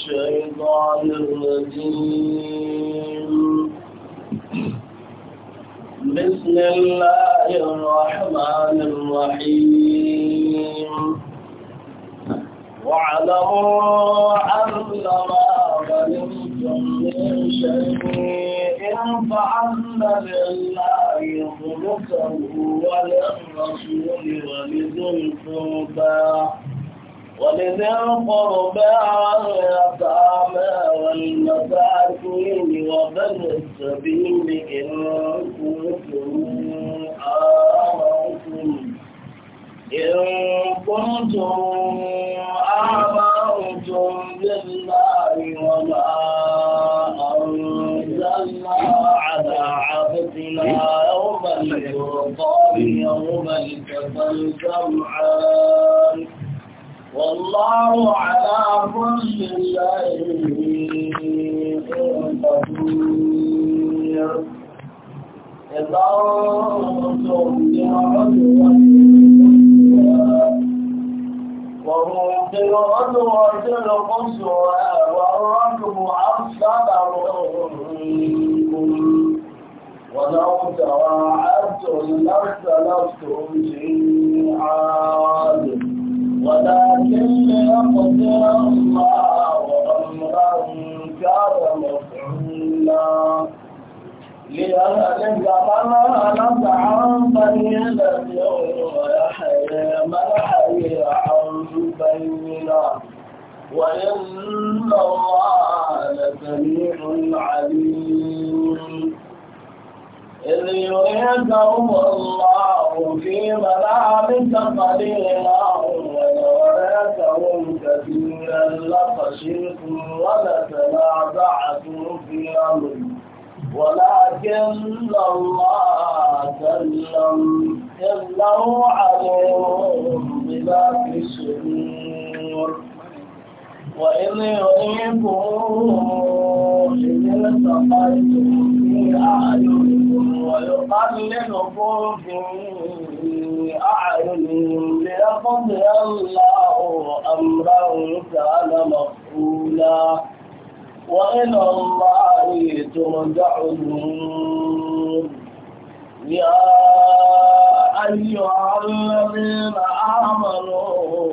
الشيطان الرجيم بسم الله الرحمن الرحيم واعلموا أن ما غنمتم من شيء فأن لله وللرسول ولذي القربى ولذي القربى إن كنتم آمنتم بالله وما أنزلنا على عبدنا يوم الفرقان يوم التقى الجمعان والله على كل شيء نظرتم لعدوة وهم في العدوة القصوى والركب أصغر منكم ولو تواعدتم لاختلفتم مالك عن بينة ويحيى ما حي عن بينة وإن الله لسميع عليم إذ يريكهم الله في منامك قليلا ويريكهم كثيرا لخشيتم ولتنازعتم في أمركم ولكن الله سلم إنه عليم بذات الصدور وإذ يريكم إذ التقيتم في أعينكم ويقللكم في أعينهم ليقضي الله أمرا كان مفعولا وإلى الله ترجع الأمور يا أيها الذين آمنوا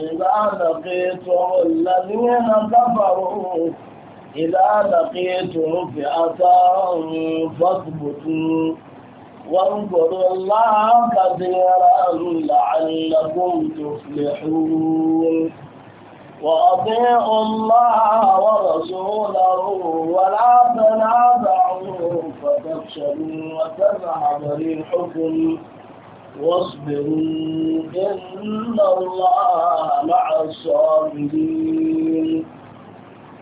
إذا لقيتم الذين كفروا إذا لقيتم فئة فاثبتوا وانظروا الله كثيرا لعلكم تفلحون وأطيعوا الله ورسوله ولا تنازعوا فتفشلوا وتذهب ريحكم واصبروا إن الله مع الصابرين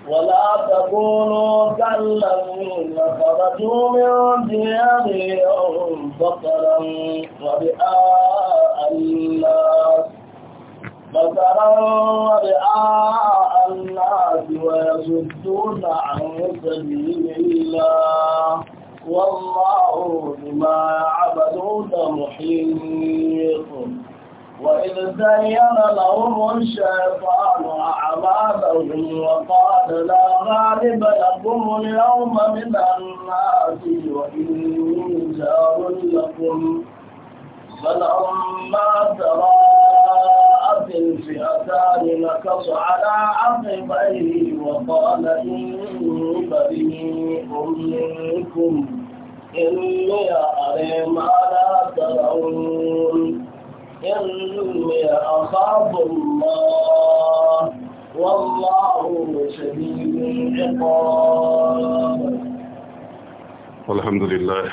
ولا تكونوا كالذين خرجوا من ديارهم بطرا ورئاء الناس فسروا رئاء الناس ويصدون عن سبيل الله والله بما يعبدون محيط وإذ زين لهم الشيطان أعمالهم وقال لا غالب لكم اليوم من الناس وإني جار لكم فلما تراءت الفئتان نكص على عقبيه وقال إني بريء منكم إني أرى ما لا ترون إني أخاف الله والله شديد العقاب الحمد لله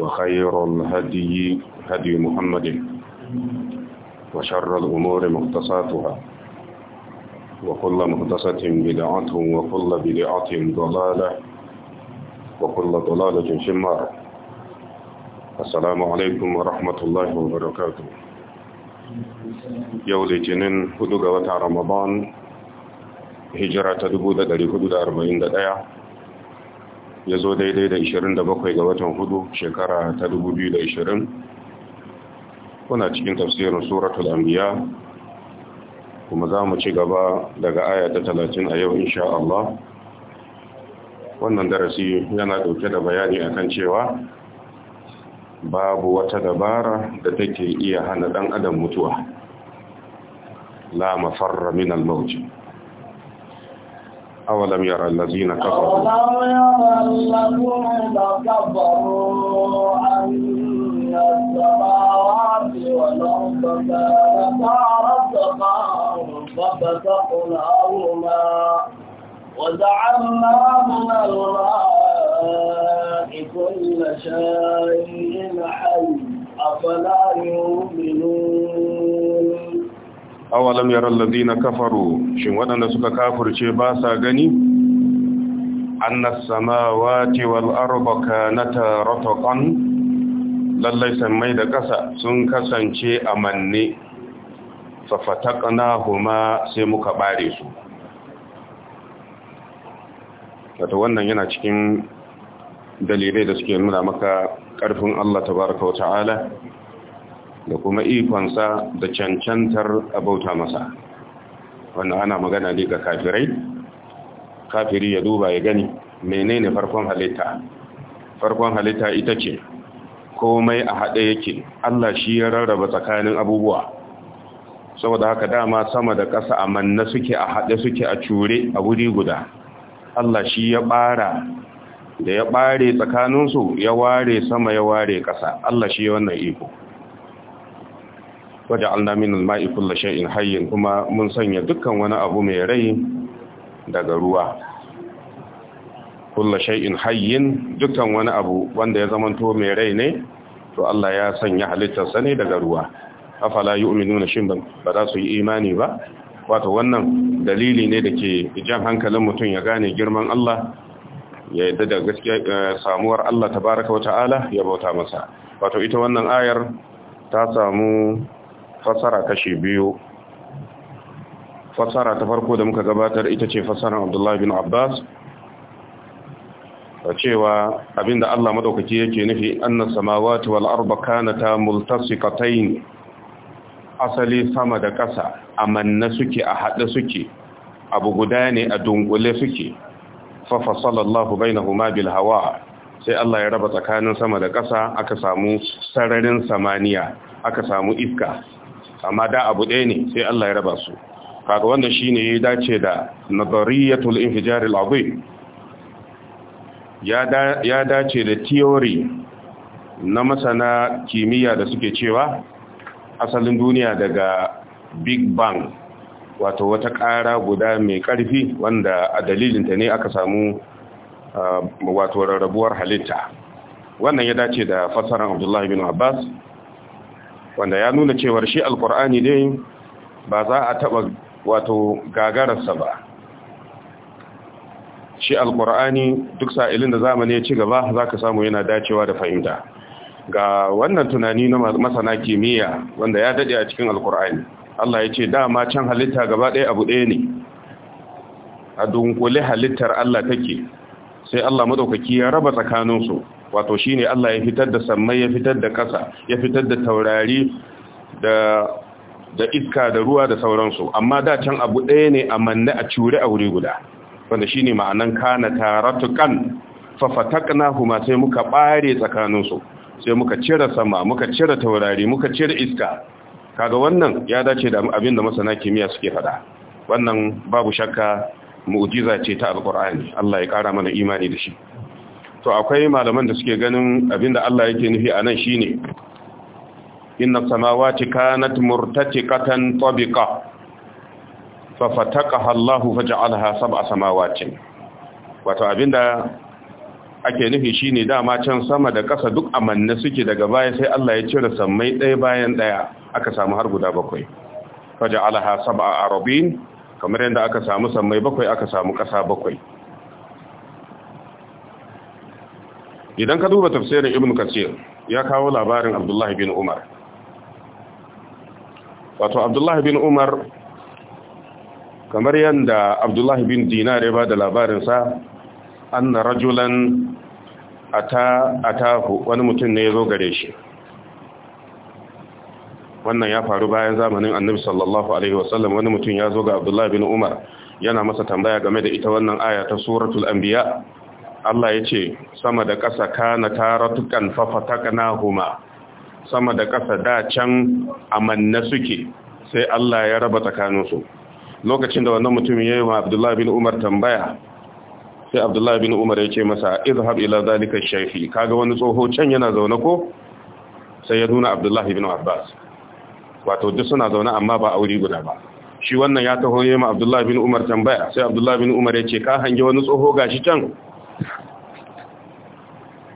وخير الهدي هدي محمد وشر الأمور مختصاتها وكل مختصة بدعة وكل بدعة ضلالة وكل ضلالة في النار السلام عليكم ورحمة الله وبركاته يوم الاثنين هدوء رمضان هجرة تدبو أربعين دقيقة ya zo daidai da 27 ga watan hudu shekara ta 2020 kuna cikin tafsirin suratul anbiya kuma za mu ci gaba daga aya ta 30 a yau insha Allah wannan darasi yana dauke da bayani akan cewa babu wata dabara da take iya hana dan adam mutuwa la mafarra min al أولم يرى الذين كفروا أولم يرى الذين كفروا أن السماوات والأرض ففتقناهما من الماء كل شيء حي أفلا يؤمنون awalam yaral ladina kafaru shin waɗanda suka kafirce ba sa gani annas samawati wal arda kanata ratqan lallai sammai da ƙasa sun kasance a manne fafataqnahuma sai muka ɓare su wato wannan yana cikin dalilai da suke nuna maka ƙarfin Allah tabaraka wa ta'ala da kuma ikonsa da cancantar abauta masa wanda ana magana ne ga kafirai kafiri ya duba ya gani menene farkon halitta farkon halitta ita ce komai a haɗe yake Allah shi ya rarraba tsakanin abubuwa saboda haka dama sama da ƙasa a manna suke a haɗe suke a cure a wuri guda Allah shi ya ɓara da ya ɓare tsakaninsu ya ware sama ya ware ƙasa Allah shi ya wannan iko waje min al-ma'i kulli shay'in kuma mun sanya dukkan wani abu mai rai daga ruwa kulla shay'in hayyin dukkan wani abu wanda ya zamanto mai rai ne to Allah ya sanya halittarsa ne daga ruwa afala yu'minuna shin ba za su yi imani ba wato wannan dalili ne da ke jan hankalin mutum ya gane girman Allah ya yadda da gaskiya eh, samuwar Allah tabaraka wa ta'ala ya bauta masa wato ita wannan ayar ta samu fasara kashe biyu fasara ta farko da muka gabatar ita ce fasarar abdullahi bin abbas cewa abinda Allah madaukaki yake nufi annas samawati wal ta kanata multasiqatayn asali sama da ƙasa manna suke a haɗa suke abu guda ne a dunkule suke fa fasalallahu bainahuma bil hawa sai Allah ya raba tsakanin sama da ƙasa aka samu sararin samaniya aka samu iska amma da abu ɗaya ne sai Allah ya raba su kaga wannan shine ya dace da nazariyatul infijar al-azim ya dace da theory na masana kimiyya da suke cewa asalin duniya daga big bang wato wata ƙara guda mai ƙarfi wanda a dalilinta ne aka samu ah, wato rarrabuwar halitta wannan ya dace da fassara abdullahi bin abbas wanda ya nuna cewar shi alkur'ani dai ba za a taba wato gagararsa ba shi alkur'ani duk sa'ilin da zamani ya ci gaba za ka samu yana dacewa da fahimta ga wannan tunani na masana kimiyya wanda ya daɗe a cikin alkur'ani Allah ya ce dama can halitta gaba ɗaya abu ɗaya ne a dunkule halittar Allah take sai Allah madaukaki ya raba tsakaninsu wato shine Allah ya fitar da sammai ya fitar da kasa ya fitar da taurari da da iska da ruwa da sauransu amma da can abu ɗaya ne a manne a cure a wuri guda wanda shine ma'anan kana taratukan huma sai muka bare tsakaninsu sai muka cire sama muka cire taurari muka cire iska kaga wannan ya dace da abin da masana kimiyya suke faɗa wannan babu shakka mu'jiza ce ta alqur'ani Allah ya kara mana imani da shi to akwai malaman da suke ganin abinda Allah yake nufi anan shine inna samawati kanat murtatiqatan tabiqa fa fataqaha Allah faj'alaha sab'a samawatin wato abinda ake nufi shine dama can sama da ƙasa duk amanne suke daga baya sai Allah ya cire sammai ɗaya bayan ɗaya aka samu har guda bakwai Faja faja'alaha sab'a arabin kamar yadda aka samu sammai bakwai aka samu ƙasa bakwai idan ka duba tafsirin ibn kasir ya kawo labarin abdullahi bin umar wato abdullahi bin umar kamar yadda abdullahi bin dinar ya ba da labarinsa an na rajulan a ta wani mutum ne ya zo gare shi wannan ya faru bayan zamanin annabi sallallahu alaihi wasallam wani mutum ya zo ga abdullahi bin umar yana masa tambaya game da ita wannan aya ta suratul anbiya Allah ya ce sama da ƙasa kana taratukan fafatakana huma sama da ƙasa da can amanna suke sai Allah ya raba tsakaninsu lokacin da wannan mutum ya yi wa abdullahi bin umar tambaya sai abdullahi bin umar ya ce masa izhab ila zalika shafi kaga wani tsoho can yana zaune ko sai ya nuna abdullahi bin abbas wato duk suna zaune amma ba aure guda ba shi wannan ya taho yema Abdullahi bin Umar tambaya sai Abdullahi bin Umar ya ce ka hange wani tsoho gashi can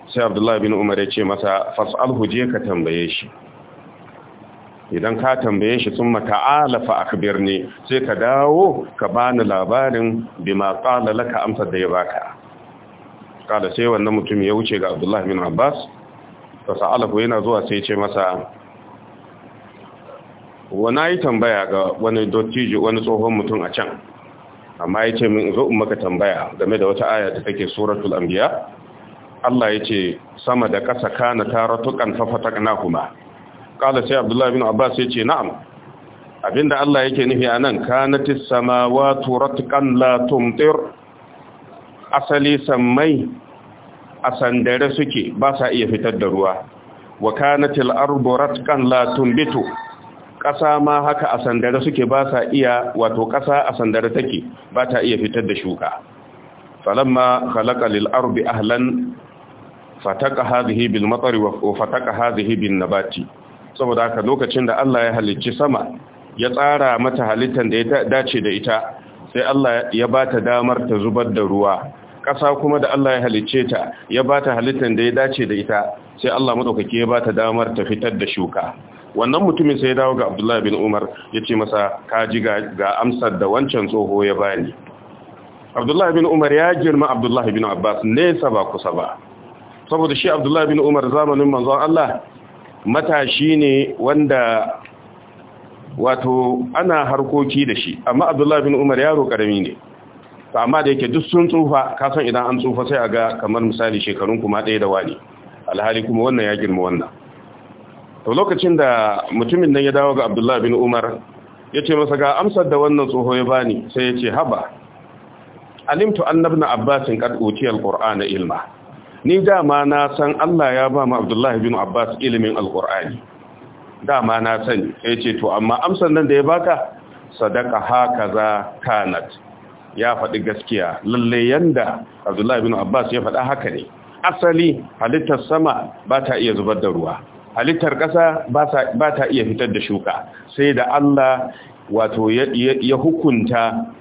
sai Abdullahi bin Umar ya ce masa fas'alhu je ka tambaye shi idan ka tambaye shi sun mata'ala fa akbirni sai ka dawo ka bani labarin bima qala laka amsar da ya baka kada sai wannan mutum ya wuce ga Abdullahi bin Abbas fas'alahu yana zuwa sai ya ce masa wana yi tambaya ga wani dottijo wani tsohon mutum a can amma ya ce min zo maka tambaya game da wata aya da take suratul anbiya Allah ya ce sama da ƙasa kana taratukan fafatakna kuma qala sai abdullahi bin abbas ya ce na'am abinda Allah yake nufi anan kanatis samawati ratqan la tumtir asali samai a suke ba sa iya fitar da ruwa wa kanatil ardu ratqan la tumbitu ƙasa ma haka a sandare suke ba sa iya wato ƙasa a sandare take ba ta iya fitar da shuka falamma khalaqa lil ardi ahlan fataqa hadhihi bil matari wa fataqa hadhihi bin nabati saboda haka lokacin da Allah ya halicci sama ya tsara mata halittar da ya dace da ita sai Allah ya bata damar ta zubar da ruwa ƙasa kuma da Allah ya halicce ta ya bata halittar da ya dace da ita sai Allah madaukake ya bata damar ta fitar da shuka wannan mutumin sai ya dawo ga Abdullahi bin Umar ya ce masa kaji ga amsar da wancan tsoho ya bani Abdullahi bin Umar ya girma Abdullahi bin Abbas nesa ba kusa ba saboda shi Abdullahi bin Umar zamanin manzon Allah matashi ne wanda wato ana harkoki da shi amma Abdullahi bin Umar yaro karami ne amma da yake duk sun tsufa kasan idan an tsufa sai a ga kamar misali shekarun kuma ɗaya da wani alhali kuma wannan ya girma wannan to lokacin da mutumin nan ya dawo ga abdullahi bin umar ya ce masa ga amsar da wannan tsoho ya bani sai ya ce haba alimtu annabna abbasin kad uti alquran ilma ni dama na san Allah ya ba mu abdullahi bin abbas ilimin alqur'ani dama na sani sai ya ce to amma amsar nan da ya baka sadaka hakaza kanat ya faɗi gaskiya lalle yanda abdullahi bin abbas ya faɗa haka ne asali halittar sama ba ta iya zubar da ruwa halittar ƙasa ba ta iya fitar da shuka sai da Allah wato ya hukunta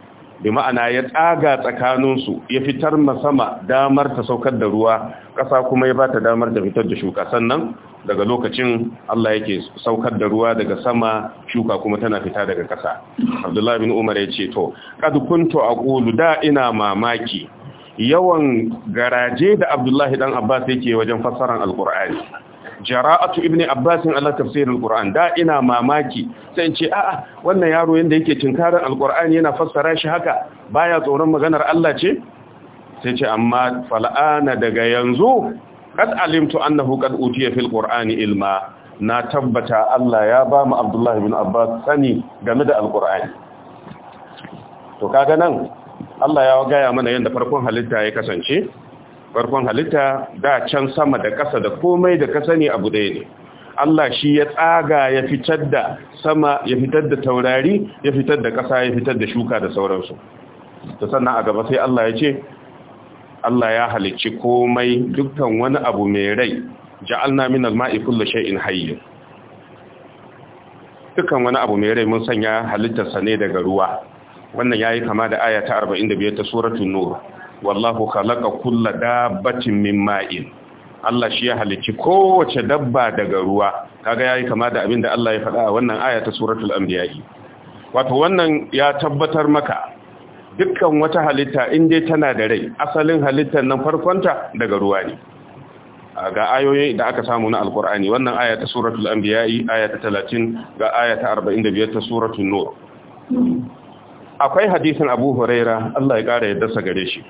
bi ma'ana ya tsaga tsakaninsu ya fitar sama damar ta saukar da ruwa ƙasa kuma ya ba ta damar da fitar da shuka sannan daga lokacin Allah yake saukar da ruwa daga sama shuka kuma tana fita daga ƙasa abdullahi bin umar ya ce to kad a aqulu da ina mamaki yawan garaje da abdullahi dan abbas yake wajen fassarar alkur'ani jara'atu ibni abbas ala tafsir alquran da ina mamaki sai in ce a'a wannan yaro yanda yake tinkarin alqur'ani yana fassara shi haka baya tsoron maganar Allah ce sai ce amma fal'ana daga yanzu kad alimtu annahu kad utiya fil qur'ani ilma na tabbata Allah ya ba mu abdullahi ibn abbas sani game da alqur'ani to kaga nan Allah ya gaya mana yadda farkon halitta ya kasance farkon halitta da can sama da ƙasa da komai da ka ne abu ɗaya ne Allah shi ya tsaga ya fitar da sama ya fitar da taurari ya fitar da ƙasa ya fitar da shuka da sauransu ta sannan a gaba sai Allah ya ce Allah ya halicci komai dukkan wani abu mai rai ja'alna min al-ma'i kullu shay'in hayy dukkan wani abu mai rai mun sanya halittarsa ne daga ruwa wannan yayi kama da aya ta 45 ta suratul nur wallahu khalaqa kulla dabbatin min ma'in Allah shi ya halicci kowace dabba daga ruwa kaga yayi kama da abinda Allah ya faɗa a wannan aya ta suratul anbiya wato wannan ya tabbatar maka dukkan wata halitta in dai tana da rai asalin halittar nan farkonta daga ruwa ne ga ayoyi da aka samu na alkur'ani wannan aya ta suratul anbiya'i aya ta 30 ga aya ta 45 ta suratul nur akwai hadisin abu huraira Allah ya ƙara yadda sa gare shi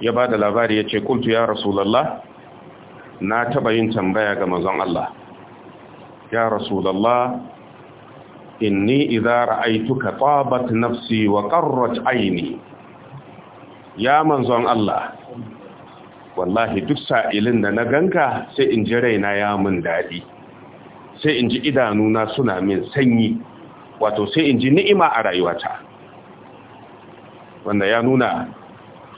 ya ba da labari ya ce kultu ya rasulallah na taɓa yin tambaya ga mazan Allah ya rasulallah inni idza ra'aytuka tabat nafsi wa qarrat aini ya manzon Allah wallahi duk sa'ilin da na ganka sai in ji raina ya mun dadi sai in ji idanuna suna min sanyi wato sai in ji ni'ima a rayuwata wanda ya nuna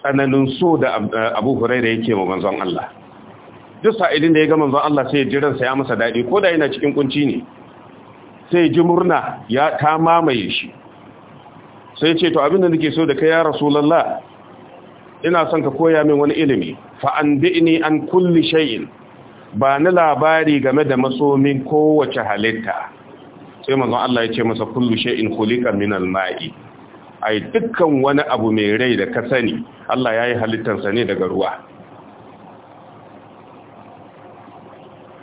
tsananin so da eh, abu huraira yake wa manzon Allah duk sa'idin da ya ga manzon Allah sai ya ji ya masa daɗi ko da yana cikin kunci ne sai ji murna ya ta mamaye shi sai ce to abin da nake so da kai ya rasulullah ina son ka koya min wani ilimi fa an bi'ni an kulli shay'in ba ni labari game da masomin kowace halitta sai manzon Allah ya ce masa kullu shay'in khuliqa min al-ma'i ai dukkan wani abu mai rai da ka sani Allah ya yi halittarsa ne daga ruwa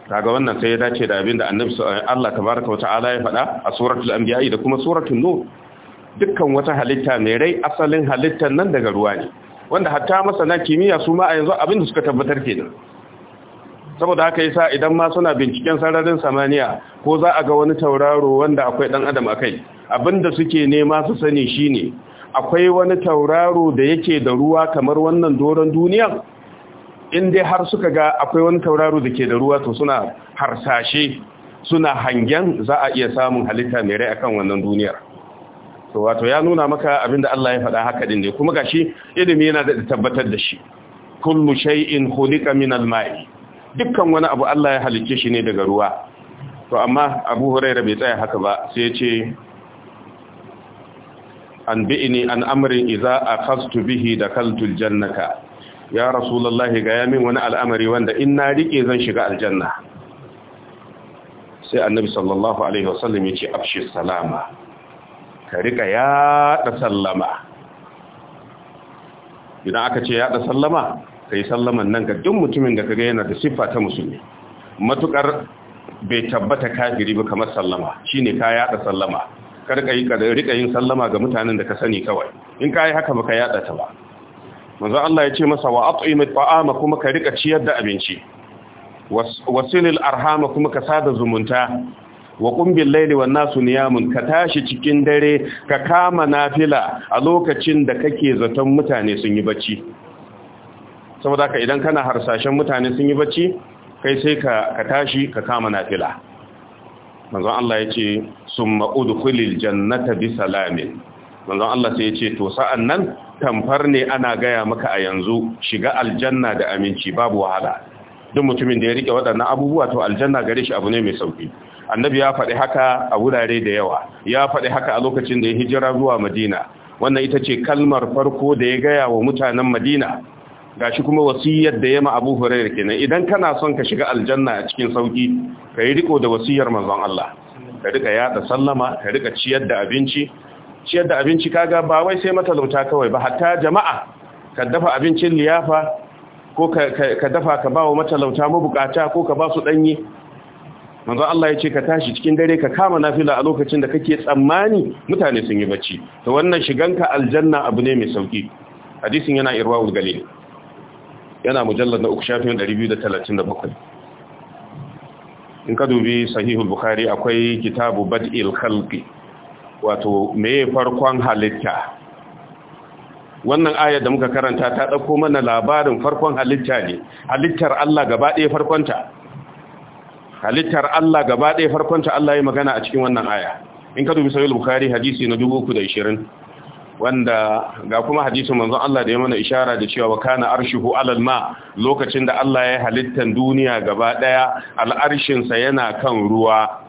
daga wannan sai ya dace da abin da annabi Allah tabaraka wata'ala ya faɗa a suratul anbiya da kuma suratul nur dukkan wata halitta mai rai asalin halittar nan daga ruwa ne wanda hatta masana kimiyya su ma a yanzu abin da suka tabbatar kenan saboda haka yasa idan ma suna binciken sararin samaniya ko za a ga wani tauraro wanda akwai dan adam akai abinda suke nema su sani shine akwai wani tauraro da yake da ruwa kamar wannan doron duniya in dai har suka ga akwai wani tauraro da ke da ruwa to suna harsashe suna hangen za a iya samun halitta mai rai akan wannan duniyar to wato ya nuna maka abinda Allah ya faɗa haka din ne kuma gashi ilimi yana da tabbatar da shi kullu shay'in khuliqa min al-ma'i dukkan wani abu Allah ya halicce shi ne daga ruwa to amma abu huraira bai tsaya haka ba sai ce an bi'ini an amrin idza akhastu bihi dakaltu aljannata ya rasulullahi ga min wani al'amari wanda in na rike zan shiga aljanna sai annabi sallallahu alaihi wasallam ya ce afshi salama ka rika yaɗa sallama idan aka ce yaɗa sallama yi sallaman nan ga duk mutumin da kaga yana da siffa ta musulmi matukar bai tabbata kafiri ba kamar sallama shine ka yada sallama kar ka yi rika yin sallama ga mutanen da ka sani kawai in ka yi haka baka yada ta ba manzo Allah ya ce masa wa at'imit ta'ama kuma ka rika ciyar da abinci wasilil arhama kuma ka sada zumunta wa kumbil laili wan nasu niyamun ka tashi cikin dare ka kama nafila a lokacin da kake zaton mutane sun yi bacci saboda ka idan kana harsashen mutane sun yi bacci kai sai ka tashi ka kama nafila manzon Allah ya ce summa udkhulil jannata bi salamin manzon Allah sai ya ce to sa'an nan tamfar ne ana gaya maka a yanzu shiga aljanna da aminci babu wahala duk mutumin da ya rike waɗannan abubuwa to aljanna gare shi abu ne mai sauki annabi ya faɗi haka a wurare da yawa ya faɗi haka a lokacin da ya hijira zuwa madina wannan ita ce kalmar farko da ya gaya wa mutanen madina gashi kuma wasiyar da yema Abu hurairu kenan idan kana son ka shiga aljanna a cikin sauki ka yi riko da wasiyar manzon Allah ka rika yada sallama ka rika ciyar da abinci ciyar da abinci kaga ba wai sai matalauta kawai ba hatta jama'a ka dafa abincin liyafa ko ka dafa ka bawa matalauta mabukata ko ka ba su danyi manzon Allah ya ce ka tashi cikin dare ka kama nafila a lokacin da kake tsammani mutane sun yi bacci to wannan shiganka aljanna abu ne mai sauki hadisin yana ul galil yana mujallar na uku shafin 237 in ka dubi sahihul bukhari akwai kitabu bad'il khalqi wato me farkon halitta wannan aya da muka karanta ta dauko mana labarin farkon halitta ne halittar Allah gaba ɗaya farkonta halittar Allah gaba ɗaya farkonta Allah ya magana a cikin wannan aya in ka dubi sahihul bukhari hadisi na 320 wanda ga kuma hadisin manzon Allah da ya mana ishara da cewa kana arshuhu alal ma lokacin da Allah ya halittan duniya gaba daya al'arshin sa yana kan ruwa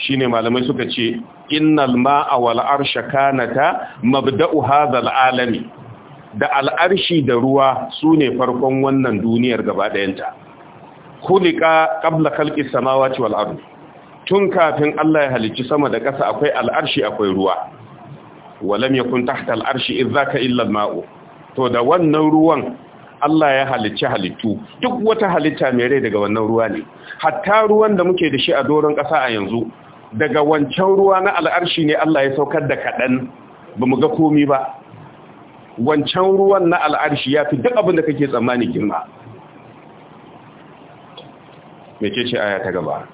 shine malamai suka ce innal ma'a wal arsha kanata mabda'u hadzal alami da al'arshi da ruwa sune farkon wannan duniyar gaba dayanta khuliqa qabla khalqis samawati wal ardi tun kafin Allah ya halicci sama da ƙasa akwai al'arshi akwai ruwa walam kun tahta al'arshi in zaka illa ma'o? to da wannan ruwan Allah ya halicci halittu duk wata halitta mai rai daga wannan ruwa ne hatta ruwan da muke da shi a doron ƙasa a yanzu daga wancan ruwa na al'arshi ne Allah ya saukar da kaɗan ba mu ga komi ba wancan ruwan na al'arshi ya fi duk abin da kake tsammani girma mece ce aya ta gaba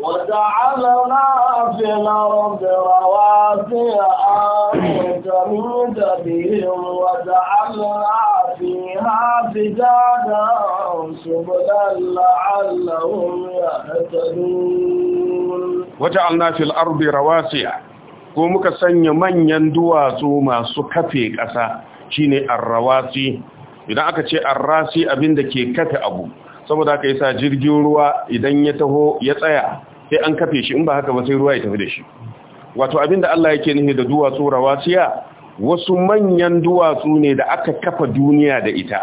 وجعلنا في الأرض رواسي أن تميد بهم وجعلنا فيها فجاجا سبلا لعلهم يهتدون وجعلنا في الأرض رواسي ko muka sanya manyan duwatsu masu kafe ƙasa shine arrawasi idan aka ce arrasi abinda ke kafe abu saboda haka yasa jirgin ruwa idan ya taho ya tsaya sai an kafe shi in ba haka ba sai ruwa ya tafi da shi wato abinda Allah yake nufi da duwatsu siya. wasu manyan duwatsu ne da aka kafa duniya da ita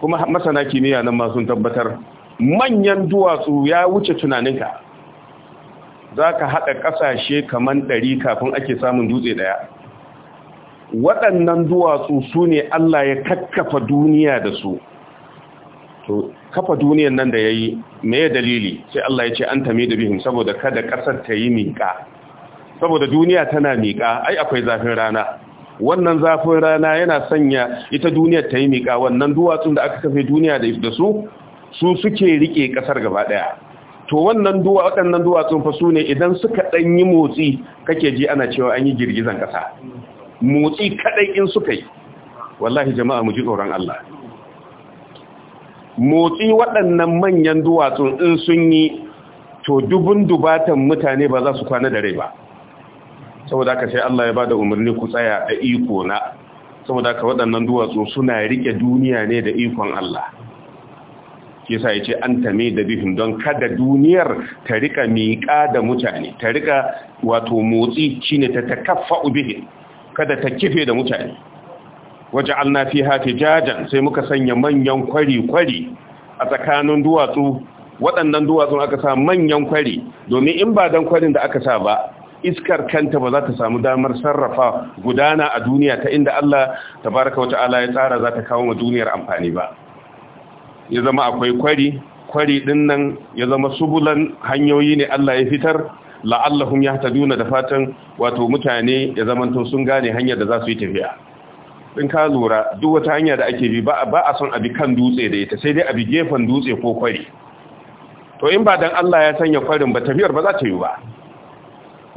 kuma masana kimiyya nan ma sun tabbatar manyan duwatsu ya wuce tunaninka za ka haɗa ƙasashe kaman ɗari kafin ake samun dutse ɗaya waɗannan duwatsu su ne Allah ya kakkafa duniya da su to kafa duniyan nan da ya yi me dalili sai Allah ya ce an tami da bihim saboda kada ƙasar ta yi miƙa saboda duniya tana miƙa ai akwai zafin rana wannan zafin rana yana sanya ita duniyar ta yi miƙa wannan duwatsun da aka kafe duniya da su su suke riƙe ƙasar gaba ɗaya to wannan duwa waɗannan duwatsun fa su ne idan suka ɗan yi motsi kake ji ana cewa an yi girgizan ƙasa motsi kaɗai in suka yi wallahi jama'a mu ji tsoron Allah motsi waɗannan manyan duwatsu in sun yi to dubun dubatan mutane ba za su kwana da rai ba saboda ka sai Allah ya bada umarni ku tsaya a iko na saboda ka waɗannan duwatsu suna rike duniya ne da ikon Allah ke sa ya ce an tame da bihin don kada duniyar ta rika miƙa da mutane ta rika wato motsi shine ta takaffa ubihin kada ta kife da mutane fi hafi jajan sai muka sanya manyan kwari-kwari a tsakanin duwatsu waɗannan duwatsun aka sa manyan kwari domin in ba dan kwarin da aka sa ba iskar kanta ba za ta samu damar sarrafa gudana a duniya ta inda Allah baraka wata ala ya tsara za ta kawo wa duniyar amfani ba ya zama akwai kwari kwari din nan ya zama subulan hanyoyi ne Allah ya fitar la'allahum yahtaduna da fatan wato mutane ya zamanto sun gane hanyar da za su yi tafiya in ka lura duk wata hanya da ake bi ba a son abi kan dutse da ita sai dai abi gefen dutse ko kwari to in ba dan Allah ya sanya kwarin ba tafiyar ba za ta yi ba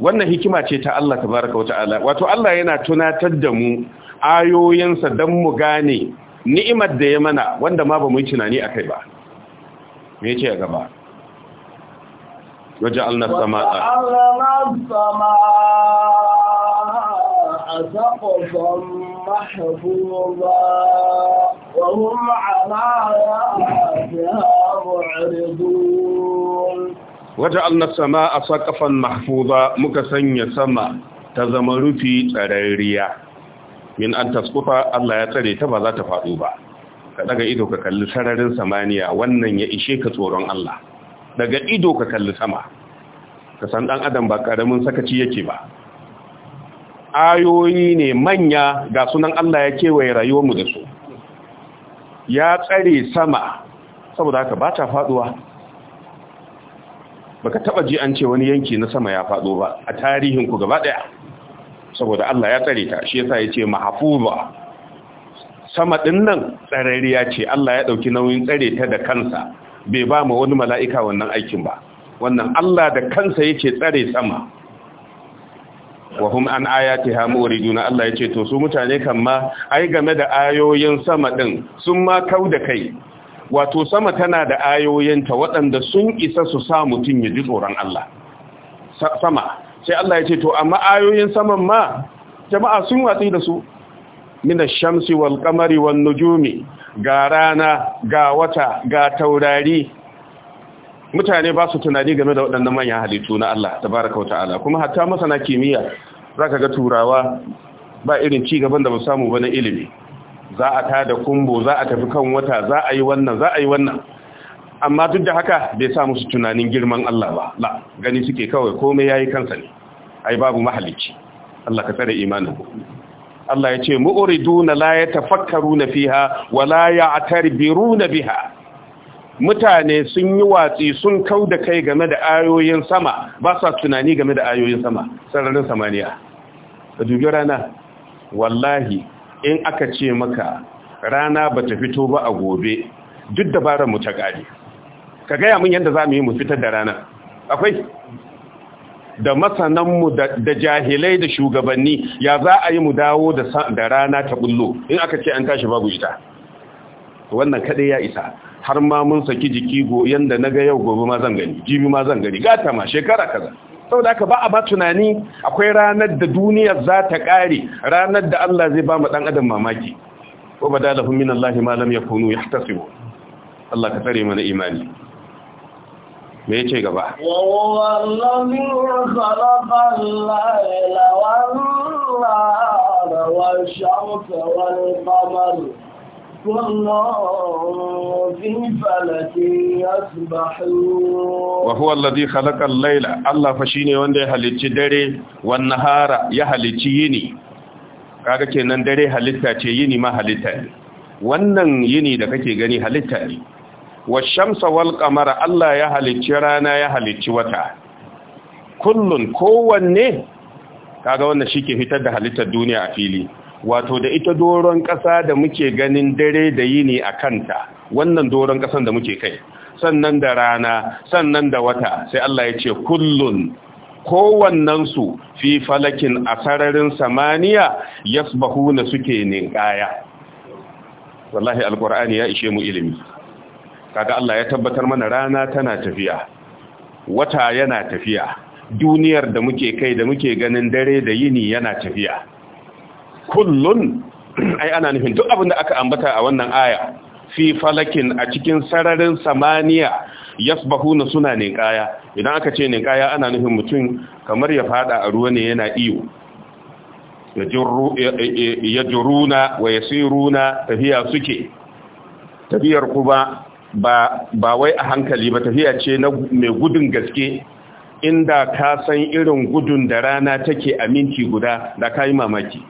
wannan hikima ce ta Allah tabaraka wata'ala wato Allah yana tunatar da mu ayoyinsa dan mu gane ni'imar da ya mana wanda ma ba mu yi tunani akai ba me yace a gaba waja'alna samaa'a سقفا محفوظا وهم على آياتها معرضون وجعلنا السماء سقفا محفوظا مكسن سما تزمر في تريريا min an taskufa Allah ya tsare ta ba faɗo ba ka daga ido ka kalli sararin samaniya wannan ya ishe ka tsoron Allah daga ido ka kalli sama ka san dan adam ba karamin sakaci yake ba ayoyi ne manya ga sunan Allah ya kewaye rayuwarmu da su ya tsare sama saboda haka ba ta faduwa baka taba ji an ce wani yanki na sama ya fado ba a tarihin ku gaba daya saboda Allah ya tsare ta shi yasa ce mahafuba sama din nan tsarariya ce Allah ya dauki nauyin tsare ta da kansa bai ba mu wani mala'ika wannan aikin ba wannan Allah da kansa yake tsare sama wa hum an ayatiha muriduna Allah yace to su mutane kan ma ai game da ayoyin sama din sun ma kauda kai wato sama tana da ayoyinta waɗanda sun isa su sa mutum ya ji tsoron Allah sama sai Allah yace ce to amma ayoyin saman ma jama'a sun watsi da su min ash-shamsi wal qamari wan nujumi ga rana ga wata ga taurari mutane ba su tunani game da waɗannan manyan halittu na Allah tabaraka wata'ala kuma hatta masana kimiyya ka ga turawa ba irin ci gaban da ba samu ba na ilimi za a tada kumbo za a tafi kan wata za a yi wannan za a yi wannan amma duk da haka bai sa musu tunanin girman Allah ba la gani suke kawai komai yayi kansa ne ai babu mahalicci Allah ka tsare imanin Allah ya ce na la yatafakkaruna fiha wa la na biha mutane sun yi watsi sun kau da kai game da ayoyin sama ba sa tunani game da ayoyin sama sararin samaniya ka dubi rana wallahi in aka ce maka rana ba ta fito ba a gobe duk dabarar mu ta kare. ka gaya mun yadda za mu yi mu fitar da rana akwai da masananmu da jahilai da shugabanni ya za a yi mu dawo da rana ta bullo in aka ce an tashi babu ita wannan kadai ya isa har ma mun saki jiki go yanda na ga yau gobe ma zan gani jibi ma zan gani gata ma shekara kaza saboda haka ba a ba tunani akwai ranar da duniya za ta kare ranar da Allah zai ba mu dan adam mamaki wa badalahu min Allah ma lam yakunu yahtasibu Allah ka tsare mana imani me yace gaba wa والنار في فلك يسبحون وهو الذي خلق الليل الله فشيني وانده هلتشي دري والنهار يهلتشي يني kaga kenan dare halitta ce yini ma halitta ne wannan yini da kake gani halitta ne washamsa wal qamara Allah ya halicci rana ya halicci wata kullun kowanne kaga wannan shike fitar da halittar duniya a fili wato da ita doron ƙasa da muke ganin dare da yini a kanta wannan doron ƙasan da muke kai sannan da rana sannan da wata sai Allah ya ce kullun kowannensu fi falakin a sararin samaniya na suke ninkaya wallahi alkur'ani ya ishe mu ilimi kaga Allah ya tabbatar mana rana tana tafiya wata yana tafiya duniyar da muke kai da muke ganin dare da yini yana tafiya kullun ai ana nufin duk abin da aka ambata a wannan aya fi falakin a cikin sararin samaniya na suna ninkaya idan aka ce ninkaya ana nufin mutum kamar ya fada a ruwa ne yana iyo ya juruna wa ya runa tafiya suke tafiyar kuma ba ba wai a hankali ba tafiya ce na mai gudun gaske inda ka san irin gudun da rana take a minti guda da ka yi mamaki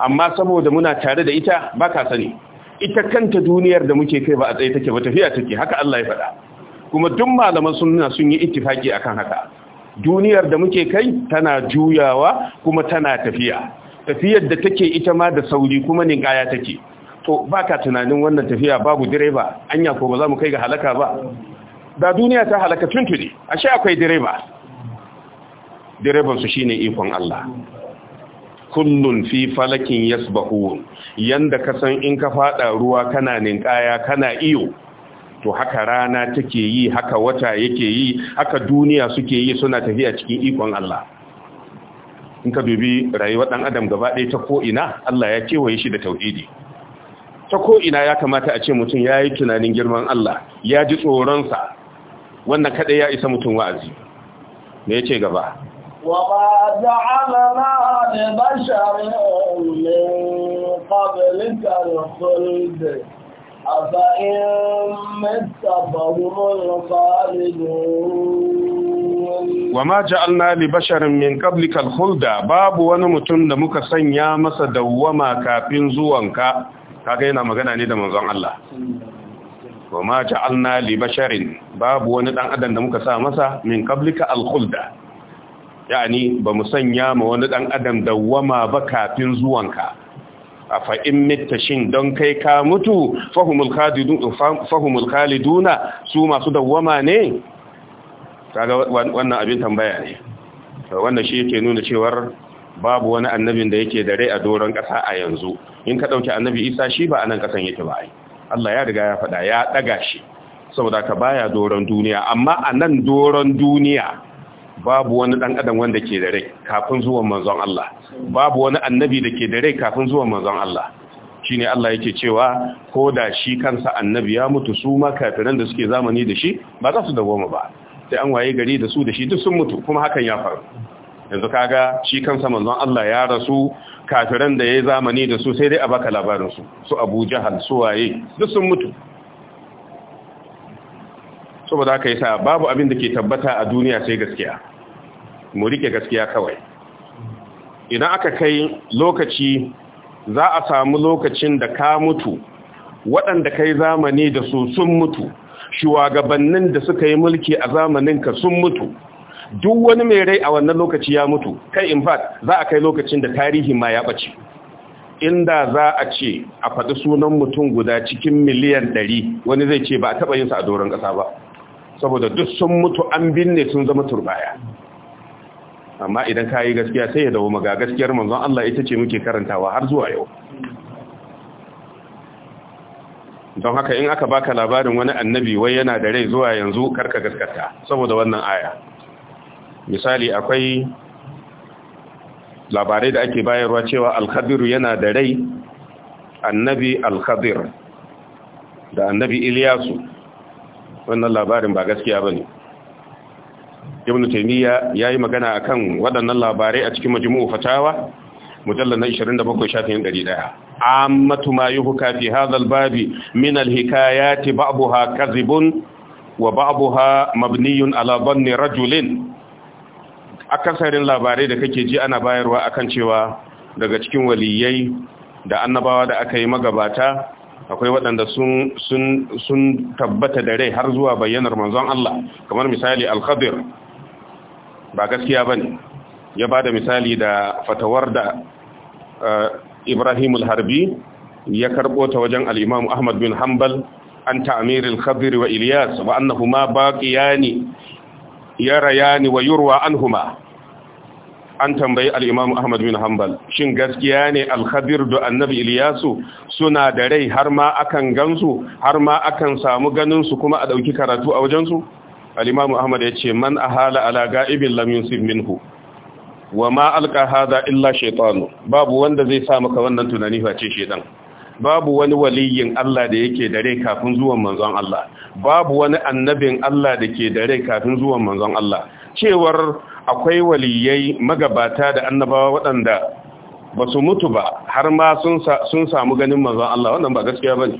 amma saboda muna tare da ita ba ka sani ita kanta duniyar da muke kai ba a tsaye take ba tafiya take haka Allah ya faɗa kuma duk malaman sunna sun yi ittifaki akan haka duniyar da muke kai tana juyawa kuma tana tafiya tafiyar da take ita ma da sauri kuma ninkaya take to baka tunanin wannan tafiya babu direba anya ko ba za mu kai ga halaka ba da duniya ta halaka tuntuni ashe akwai direba direban su shine ikon Allah kullun fi falakin yasbahun yanda ka san in ka fada ruwa kana ninkaya kana iyo to haka rana take yi haka wata yake yi haka duniya suke yi suna tafiya cikin ikon Allah in ka dubi rayuwar dan adam gaba ɗaya ta ko ina Allah ya kewaye shi da tauhidi ta ko ina ya kamata a ce mutum yayi tunanin girman Allah ya ji tsoron sa, wannan kada ya isa mutum wa'azi me yace gaba وما جعلنا لبشر من قبلك الخلد أفإن مت فهم الخالدون وما جعلنا لبشر من قبلك الخلد باب wani mutum da muka sanya masa dawwama kafin zuwanka kaga yana magana ne da manzon Allah وما جعلنا basharin babu wani dan adam da muka sa masa min qablika al-khulda yani ba mu sanya ma wani dan adam dawwama ba kafin zuwanka a fa'in shin don kai ka mutu fahimul khaliduna su masu dawwama ne kaga wannan abin tambaya ne wannan shi yake nuna cewar babu wani annabin da yake da rai a doron ƙasa a yanzu in ka ɗauki annabi isa shi ba a nan ƙasan yake ba Allah ya riga ya faɗa ya ɗaga shi saboda ka baya doron duniya amma anan nan doron duniya babu wani dan adam wanda ke da rai kafin zuwan manzon Allah babu wani annabi da ke da rai kafin zuwan manzon Allah shine Allah yake cewa ko da shi kansa annabi ya mutu su ma kafiran da suke zamani da shi ba za su dawo ba sai an waye gari da su da shi duk sun mutu kuma hakan ya faru yanzu kaga shi kansa manzon Allah ya rasu kafiran da yayi zamani da su sai dai a baka labarin su su Abu Jahal su waye duk sun mutu saboda haka yasa babu abin da ke tabbata a duniya sai gaskiya mu rike gaskiya kawai idan aka kai lokaci za a samu lokacin da ka mutu waɗanda kai zamani da su sun mutu shugabannin da suka yi mulki a zamaninka sun mutu duk wani mai rai a wannan lokaci ya mutu kai in fact za a kai lokacin da tarihi ma ya ɓace inda za a ce a faɗi sunan mutum guda cikin miliyan ɗari wani zai ce ba a taɓa yinsa a doron ƙasa ba saboda duk sun mutu an binne sun zama turbaya amma idan ka yi gaskiya sai ya dawo maga gaskiyar manzon Allah ita ce muke karantawa har zuwa yau don haka in aka baka labarin wani annabi wai yana da rai zuwa yanzu karka gaskata saboda wannan aya misali akwai labarai da ake bayarwa cewa alkhadiru yana da rai annabi alkhadir da annabi iliyasu wannan labarin ba gaskiya ba ne ibn taymiya yayi magana akan waɗannan labarai a cikin majmu'u fatawa mujallal na 27 shafin 101 ammatu ma yuhka fi hadha babi min alhikayati ba'daha kadhibun wa ba'daha mabniyun ala dhanni rajulin akasarin labarai da kake ji ana bayarwa akan cewa daga cikin waliyyai da annabawa da aka yi magabata akwai waɗanda sun tabbata da rai har zuwa bayyanar manzon Allah kamar misali al-khadir ba gaskiya bane ya ba da misali da fatawar da eh, Ibrahim al-Harbi ya karɓo ta wajen Al'imam Ahmad bin Hanbal an ta'mir al-khadir wa Ilyas wa annahuma baqiyani yarayani wa yurwa anhuma an tambayi al'imamu Ahmad bin Hanbal, shin gaskiya ne alkhabir da annabi Iliyasu suna da rai har ma akan gansu, har ma akan samu ganinsu kuma a ɗauki karatu a wajensu? Al'imamu Ahmad ya ce, Man a hala ala ga'ibin lamin minhu, wa ma alka illa shaitanu, babu wanda zai sa maka wannan tunani face shaitan. Babu wani waliyin Allah da yake da rai kafin zuwan manzon Allah, babu wani annabin Allah da ke da rai kafin zuwan manzon Allah. Cewar akwai waliyai magabata da annabawa waɗanda ba su mutu ba har ma sun samu ganin mazan Allah wannan ba gaskiya ba ne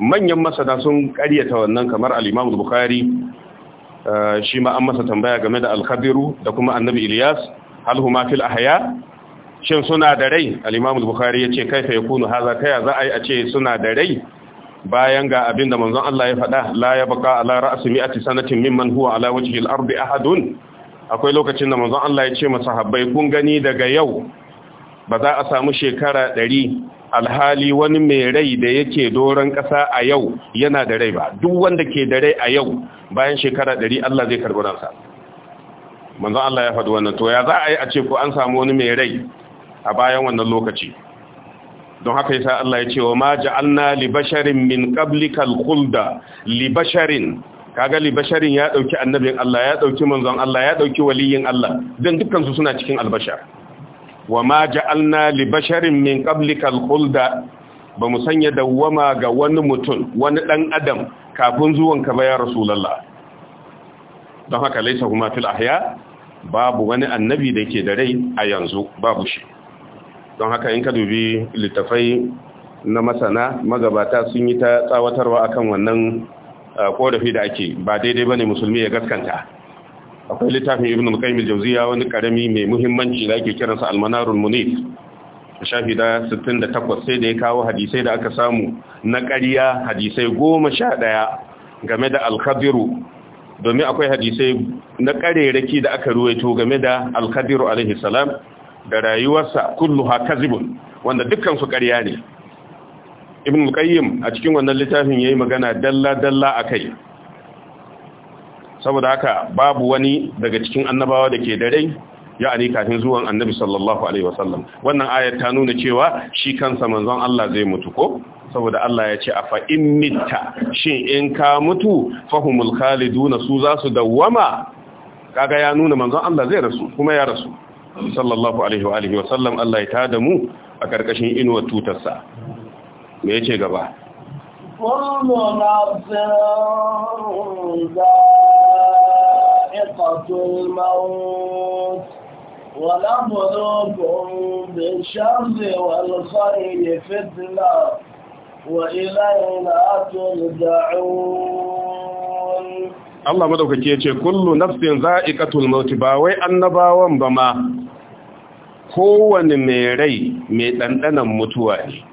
manyan masana sun karyata wannan kamar alimamu imam eh, shi ma an masa tambaya game da alkhabiru da kuma Annabi Ilyas hal ma fil ahya shin suna da rai ya ce ya ce kaifa kunu haza kaya za a yi a ce suna da rai bayan ga abinda manzon Allah ya faɗa la ya baka ala ra'si mi'ati sanatin mimman huwa ala wajhi al-ardi ahadun akwai lokacin da manzon Allah ya ce masahabbai kun gani daga yau ba za a samu shekara ɗari alhali wani mai rai da yake doron kasa a yau yana da rai ba duk wanda ke da rai a yau bayan shekara 100 Allah zai karɓi ransa manzon Allah ya faɗi wannan to ya za a yi a ce ko an samu wani mai rai a bayan wannan lokaci don haka yasa Allah ya ce wa ma ja'alna li basharin min qablikal khulda li basharin Ka kaga libasharin ya dauki annabin Allah ya dauki manzon Allah ya dauki waliyin Allah dan dukkan suna cikin albashar ma ja'alna basharin min qablikal khulda mu sanya dawwama ga wani mutum wani dan adam kafin zuwanka ba ya rasulullah don haka laisa kuma fil ahya babu wani annabi da yake da rai a yanzu babu shi don haka in ka dubi littafai na masana magabata sun yi ta tsawatarwa akan wannan korafi da ake ba daidai bane musulmi ya gaskanta akwai littafin ibn al-qayyim al-jawziya wani karami mai muhimmanci da ake kiransa al-manarul munif shafi da 68 sai da ya kawo hadisai da aka samu na ƙarya hadisai 11 game da al domin akwai hadisai na ƙarerake da aka ruwaito game da al-khadiru alaihi salam da rayuwarsa kulluha kazibun wanda dukkan su ƙarya ne ibn qayyim a cikin wannan littafin yayi magana dalla dalla akai saboda haka babu wani daga cikin annabawa da ke da rai ya'ani kafin zuwan annabi sallallahu alaihi wasallam wannan ayar ta nuna cewa shi kansa manzon Allah zai mutu ko saboda Allah ya ce afa in mitta shin in ka mutu fahumul khaliduna su za su dawwama kaga ya nuna manzon Allah zai rasu kuma ya rasu sallallahu alaihi wa alihi wasallam Allah ya tada mu a karkashin inuwar tutarsa me yace gaba kullu nafsin za'iqatul maut wa nabluukum bish-sharri wal-khayri fitnah وإلينا ترجعون الله madaukake yace kullu nafsin za'iqatul maut ba wai annabawan ba ma kowane mai rai mai dandanan mutuwa ne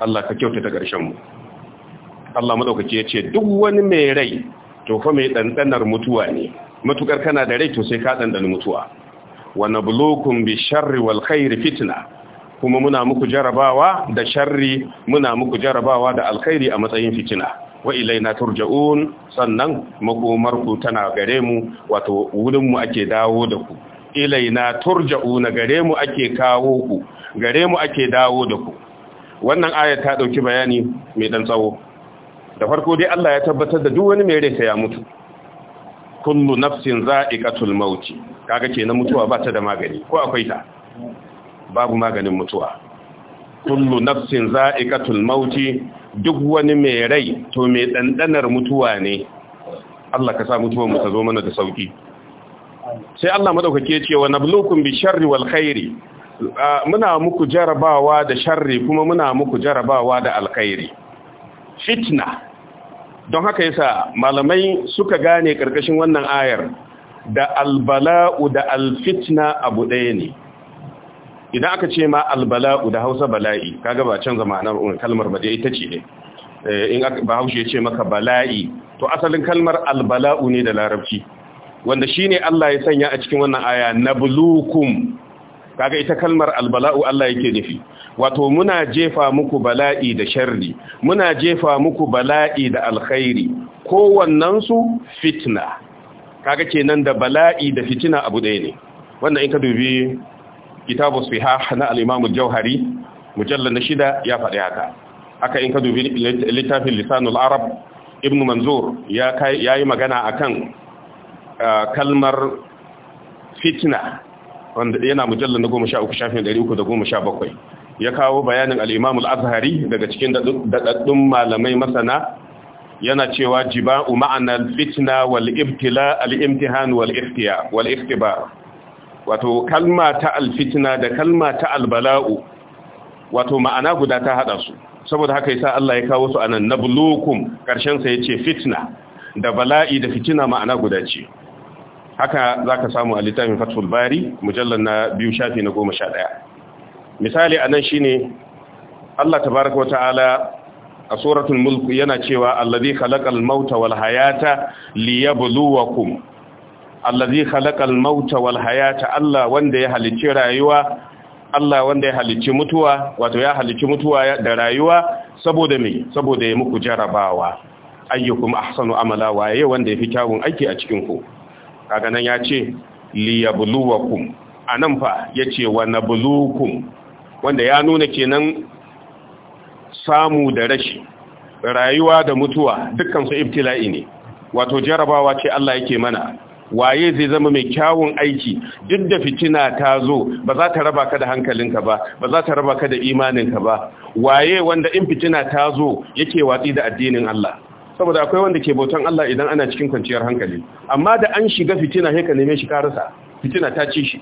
Allah ka ta ƙarshen mu Allah madaukake ya ce duk wani mai rai to fa mai dandanar mutuwa ne matukar kana da rai to sai ka dandana mutuwa wa nabluukum bi sharri wal khairi fitna kuma muna muku jarabawa da sharri muna muku jarabawa da alkhairi a matsayin fitina wa ilaina turja'un sannan makomar ku tana gare mu wato wurin mu ake dawo da ku ilaina turja'una gare mu ake kawo ku gare mu ake dawo da ku wannan ayar ta dauki bayani mai dan tsawo da farko dai Allah ya tabbatar da duk wani mai rai ya mutu kullu nafsin za'iqatul maut kaga kenan mutuwa ba ta da magani ko akwai ta babu maganin mutuwa kullu nafsin za'iqatul maut duk wani mai rai to mai dandanar mutuwa ne Allah ka sa mutuwar mu ta zo mana da sauki sai Allah madaukake ce wa nablukum bi sharri wal khairi muna muku jarabawa da sharri kuma muna muku jarabawa da alkhairi fitna don haka yasa malamai suka gane karkashin wannan ayar da albala'u da alfitna abu ɗaya ne idan aka ce ma albala'u da hausa bala'i kaga ba canza wani kalmar ba ita ce ne eh, in ba haushe ya ce maka bala'i to asalin kalmar albala'u ne da larabci wanda shi ne Allah ya sanya a cikin wannan aya nablukum kaga ita kalmar albala'u Allah yake nufi wato muna jefa muku bala'i da sharri muna jefa muku bala'i da alkhairi kowannan su fitna kaga kenan da bala'i da fitina abu ɗaya ne wannan in ka dubi kitabu sihah na al-Imam al-Jauhari mujallal na shida ya faɗi haka haka in ka dubi littafin lisanul arab ibn manzur ya yi magana akan uh, kalmar fitna wanda yana mujallar na goma sha uku shafin ɗari uku da goma sha bakwai ya kawo bayanin Al'imamul azhari daga cikin daɗaɗɗun malamai masana yana cewa jiba'u ma'anar fitna wal al'imtihan wal wato kalma ta alfitna da kalma ta albala'u wato ma'ana guda ta haɗa su saboda haka yasa Allah ya kawo su anan nablukum karshen sa yace fitna da bala'i da fitina ma'ana guda ce haka za ka samu a littafin fatul bari mujallar na biyu shafi na goma sha ɗaya misali a nan shi ne allah Ta baraka wa ta'ala a tsoratun mulku yana cewa allazi khalaqal mauta wal hayata liyabluwakum allazi khalaqal mauta wal hayata allah wanda ya halicci rayuwa allah wanda ya halicci mutuwa wato ya halicci mutuwa da rayuwa saboda me saboda ya muku jarabawa ayyukum ahsanu amala waye wanda ya fi kyawun aiki a cikin ku kaga nan ya ce liyabluwakum anan fa yace wa nabluukum wanda ya nuna kenan samu da rashi rayuwa da mutuwa dukkan su ibtila'i ne wato jarabawa ce Allah yake mana waye zai zama mai kyawun aiki duk da fitina ta zo ba za ta raba ka da hankalinka ba ba za ta raba ka da imaninka ba waye wanda in fitina ta zo yake watsi da addinin Allah saboda akwai wanda ke bautan Allah idan ana cikin kwanciyar hankali amma da an shiga fitina sai ka neme shi ka rasa fitina ta ci shi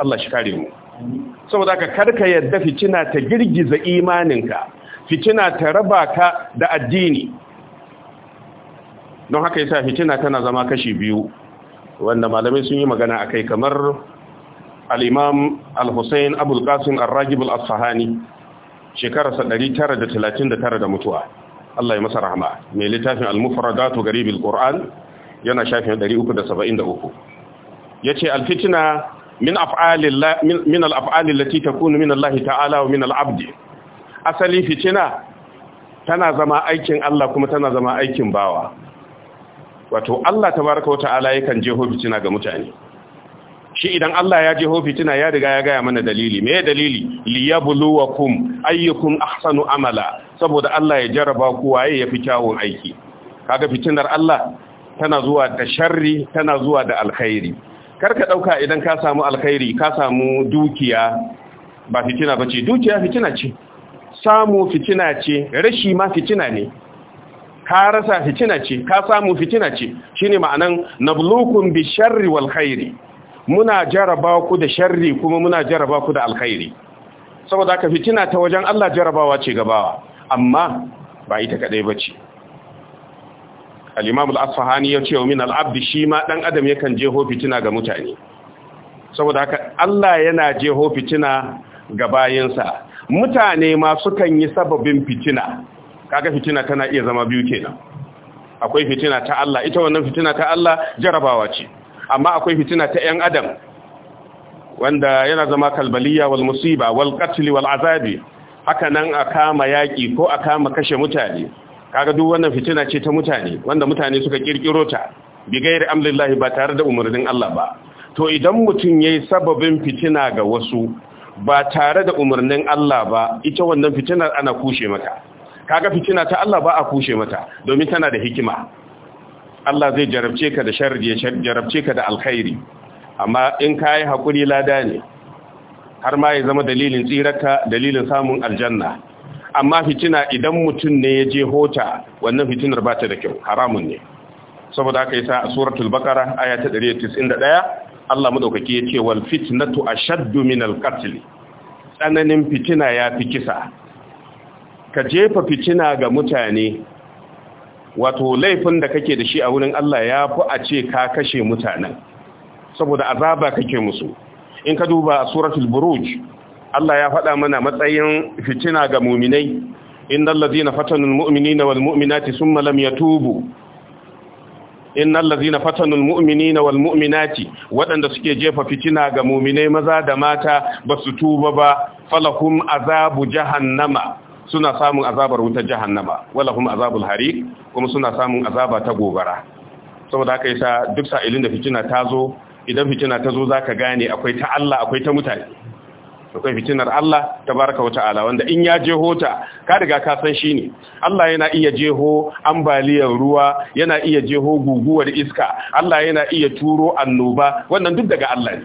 Allah shi kare mu saboda ka karka yadda fitina ta girgiza imaninka fitina ta raba ka da addini don haka yasa fitina tana zama kashi biyu wanda malamai sun yi magana akai kamar al-imam al hussein Abu al-Qasim ar rajib al-Asfahani 939 da mutuwa Allah ya masa rahama mai littafin al-mufradatu garibil qur'an yana shafin 373 yace al-fitna min af'ali min al-af'ali allati takunu min Allah ta'ala wa min al-'abd asali fitina tana zama aikin Allah kuma tana zama aikin bawa wato Allah tabaraka wa ta'ala yakan jeho fitina ga mutane shi idan Allah ya jeho fitina ya riga ya gaya mana dalili me dalili liyabluwakum ayyukum ahsanu amala saboda Allah ya jaraba ku ya fi kyawun aiki kaga fitinar Allah tana zuwa da sharri tana zuwa da alkhairi karka ɗauka idan ka samu alkhairi ka samu dukiya ba fitina bace dukiya fitina ce samu fitina ce rashi ma fitina ne ka rasa fitina ce ka samu fitina ce shine ma'anan nablukum bi sharri wal khairi muna jaraba ku da sharri kuma muna jaraba ku da alkhairi saboda haka fitina ta wajen Allah jarabawa ce gabawa amma ba ita kadai bace al-imam al-asfahani ya ce wa min al-abd shi ma dan adam yakan ho fitina ga mutane saboda haka Allah yana je jeho fitina ga bayinsa mutane ma sukan yi sababin fitina kaga fitina tana iya zama biyu kenan akwai fitina ta Allah ita wannan fitina ta Allah jarabawa ce amma akwai fitina ta 'yan adam wanda yana zama kalbaliya wal musiba wal qatl wal azabi haka nan a kama yaƙi ko a kama kashe mutane kaga duk wannan fitina ce ta mutane wanda mutane suka kirkiro ta bigayar amlillahi ba tare da umarnin Allah ba to idan mutum yayi sababin fitina ga wasu ba tare da umarnin Allah ba ita wannan fitinar ana kushe mata kaga fitina ta Allah ba a kushe mata domin tana da hikima Allah zai jarabce ka da sharri ya jarabce ka da alkhairi amma in kai hakuri lada ne har ma ya zama dalilin tsirarta, dalilin samun aljanna amma fitina idan mutum ne ya je hota wannan fitinar ba ta da kyau haramun ne saboda aka yi sa a suratul bakara aya 191 Allah madaukaki ya ce wal fitnatu ashaddu min al qatl tsananin fitina ya fi kisa ka jefa fitina ga mutane wato laifin da kake da shi a wurin Allah ya fi a ce ka kashe mutanen saboda azaba kake musu in ka duba suratul buruj Allah ya faɗa mana matsayin fitina ga muminai innal ladina fatanul mu'minina wal mu'minati thumma lam yatubu innal ladina fatanul mu'minina wal mu'minati waɗanda suke jefa fitina ga muminai maza da mata basu tuba ba falahum azabu jahannama suna samun azabar wutar jahannama walahum azabul harik kuma suna samun azaba ta gobara saboda haka yasa duk sa'ilin da fitina ta zo idan fitina ta zo za ka gane akwai ta Allah akwai ta mutane akwai fitinar Allah ta baraka wa ta'ala wanda in ya jeho ta ka riga ka san shi ne Allah yana iya jeho ambaliyar ruwa yana iya jeho guguwar iska Allah yana iya turo annoba wannan duk daga Allah ne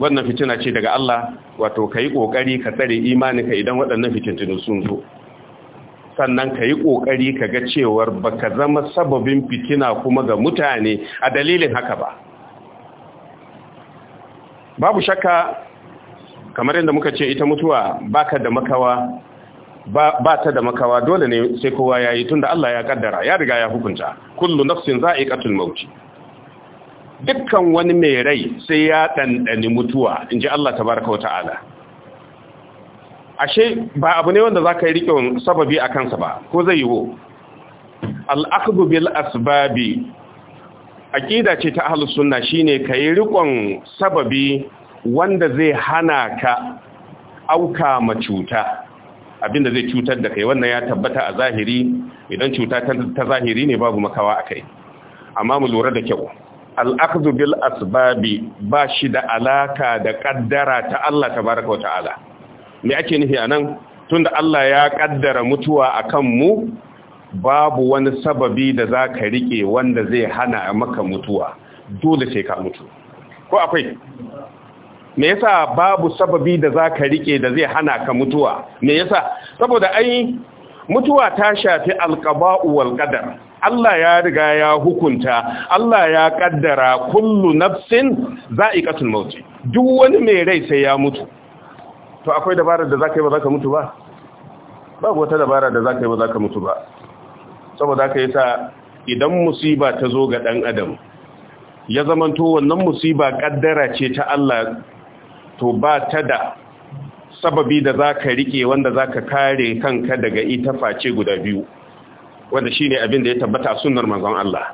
wannan fitina ce daga Allah wato ka yi kokari ka tsare imaninka idan waɗannan fitintunu sun zo sannan ka yi ƙoƙari ka ga cewar ba ka zama sababin fitina kuma ga mutane a dalilin haka ba babu shakka kamar yadda muka ce ita mutuwa baka da makawa ba ta da makawa dole ne sai kowa ya yi tunda Allah ya kaddara ya riga ya hukunta kullu nafsin za'iqatul maut dukkan wani mai rai sai ya dandani mutuwa inji Allah tabaraka wa ta'ala ashe ba abu ne wanda za ka yi riƙe sababi a kansa ba ko zai yiwu al'akudu bil asbabi aƙida ce ta ahalus sunna shine ka yi riƙon sababi wanda zai hana ka auka ma cuta abinda zai cutar da kai wannan ya tabbata a zahiri idan cuta ta zahiri ne babu makawa a kai amma mu lura da kyau al'akudu bil asbabi ba shi da alaka da ƙaddara ta Allah tabaraka wa ta'ala me ake nufi a nan tunda Allah ya kaddara mutuwa a kan mu babu wani sababi da za ka rike wanda zai hana maka mutuwa dole sai ka mutu ko akwai me yasa babu sababi da za ka rike da zai hana ka mutuwa me yasa saboda ai mutuwa ta shafi alqaba'u wal qadar Allah ya riga ya hukunta Allah ya kaddara kullu nafsin za'iqatul maut duk wani mai rai sai ya mutu to akwai dabarar da za ka yi ba za mutu ba babu wata dabara da za yi ba za mutu ba saboda ka yi sa idan musiba ta zo ga ɗan adam ya zamanto wannan musiba ƙaddara ce ta Allah to ba ta da sababi da zaka rike wanda zaka ka kare kanka daga ita face guda biyu wanda shine ne abin da ya tabbata a manzon Allah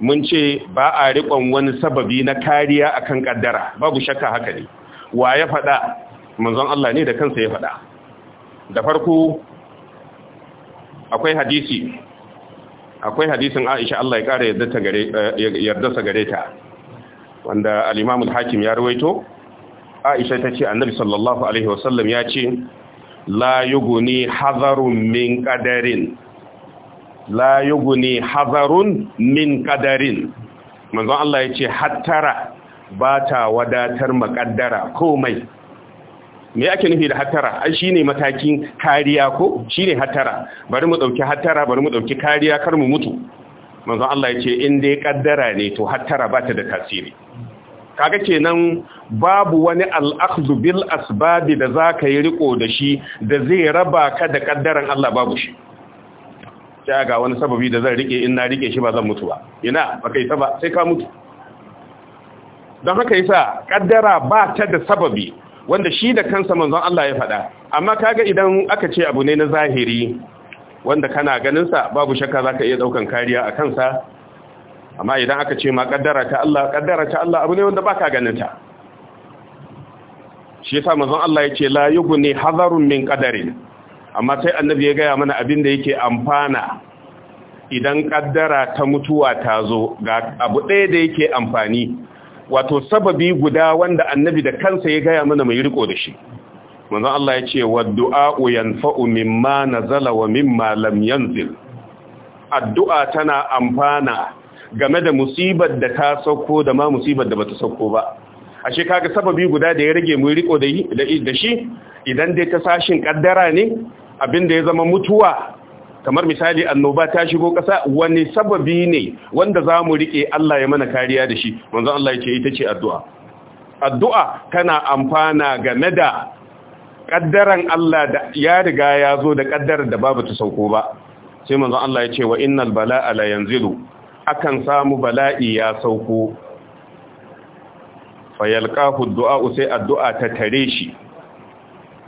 mun ce ba a riƙon wani sababi na kariya akan ƙaddara babu shakka haka ne wa ya faɗa manzon Allah ne da kansa ya faɗa da farko akwai hadisi akwai hadisin Aisha Allah ya ƙara yarda sa gare ta wanda al-Imam al-Hakim ya rawaito Aisha ta ce Annabi sallallahu alaihi wasallam ya ce la yughni hazarun min qadarin la yughni hadarun min qadarin manzon Allah ya ce hattara ba ta wadatar makaddara komai me ake nufi da hatara ai shine matakin kariya ko shine hatara bari mu dauki hatara bari mu dauki kariya kar mu mutu manzon Allah yace in dai kaddara ne to hatara ba ta da tasiri kaga kenan babu wani al'akhdhu bil asbabi da zaka yi riko da shi da zai raba ka da kaddaran Allah babu shi ga wani sababi da zan rike in na rike shi ba zan mutu ba ina ba kai ta ba sai ka mutu don haka yasa kaddara ba ta da sababi wanda shi da kansa manzon Allah ya faɗa amma kaga idan aka ce abu ne na zahiri wanda kana ganin sa babu shakka zaka iya daukan kariya a kansa amma idan aka ce ma kaddara ta Allah kaddara ta Allah abu ne wanda baka ganin ta shi yasa manzon Allah yace la yughni hadarun min qadarin amma sai annabi ya gaya mana abin da yake amfana idan kaddara ta mutuwa ta zo ga abu ɗaya da yake amfani wato sababi guda wanda annabi da kansa ya gaya mana mai riko da shi manzo Allah ya ce wa du'a yanfa'u mimma nazala wa mimma lam yanzil addu'a tana amfana game da musibar da ta sauko da ma musibar da bata sauko ba ashe kaga sababi guda da ya rage mu riko da shi idan dai ta sashin kaddara ne abinda ya zama mutuwa kamar misali annoba ta shigo ƙasa wani sababi ne wanda za mu riƙe Allah ya mana kariya da shi wanzu Allah ya ce ita ce addu'a addu'a tana amfana game da ƙaddaran Allah da ya riga ya zo da ƙaddarar da babu ta sauko ba sai manzon Allah ya ce wa innal bala'a la yanzilu akan samu bala'i ya sauko fayalqahu addu’a sai addu'a ta tare shi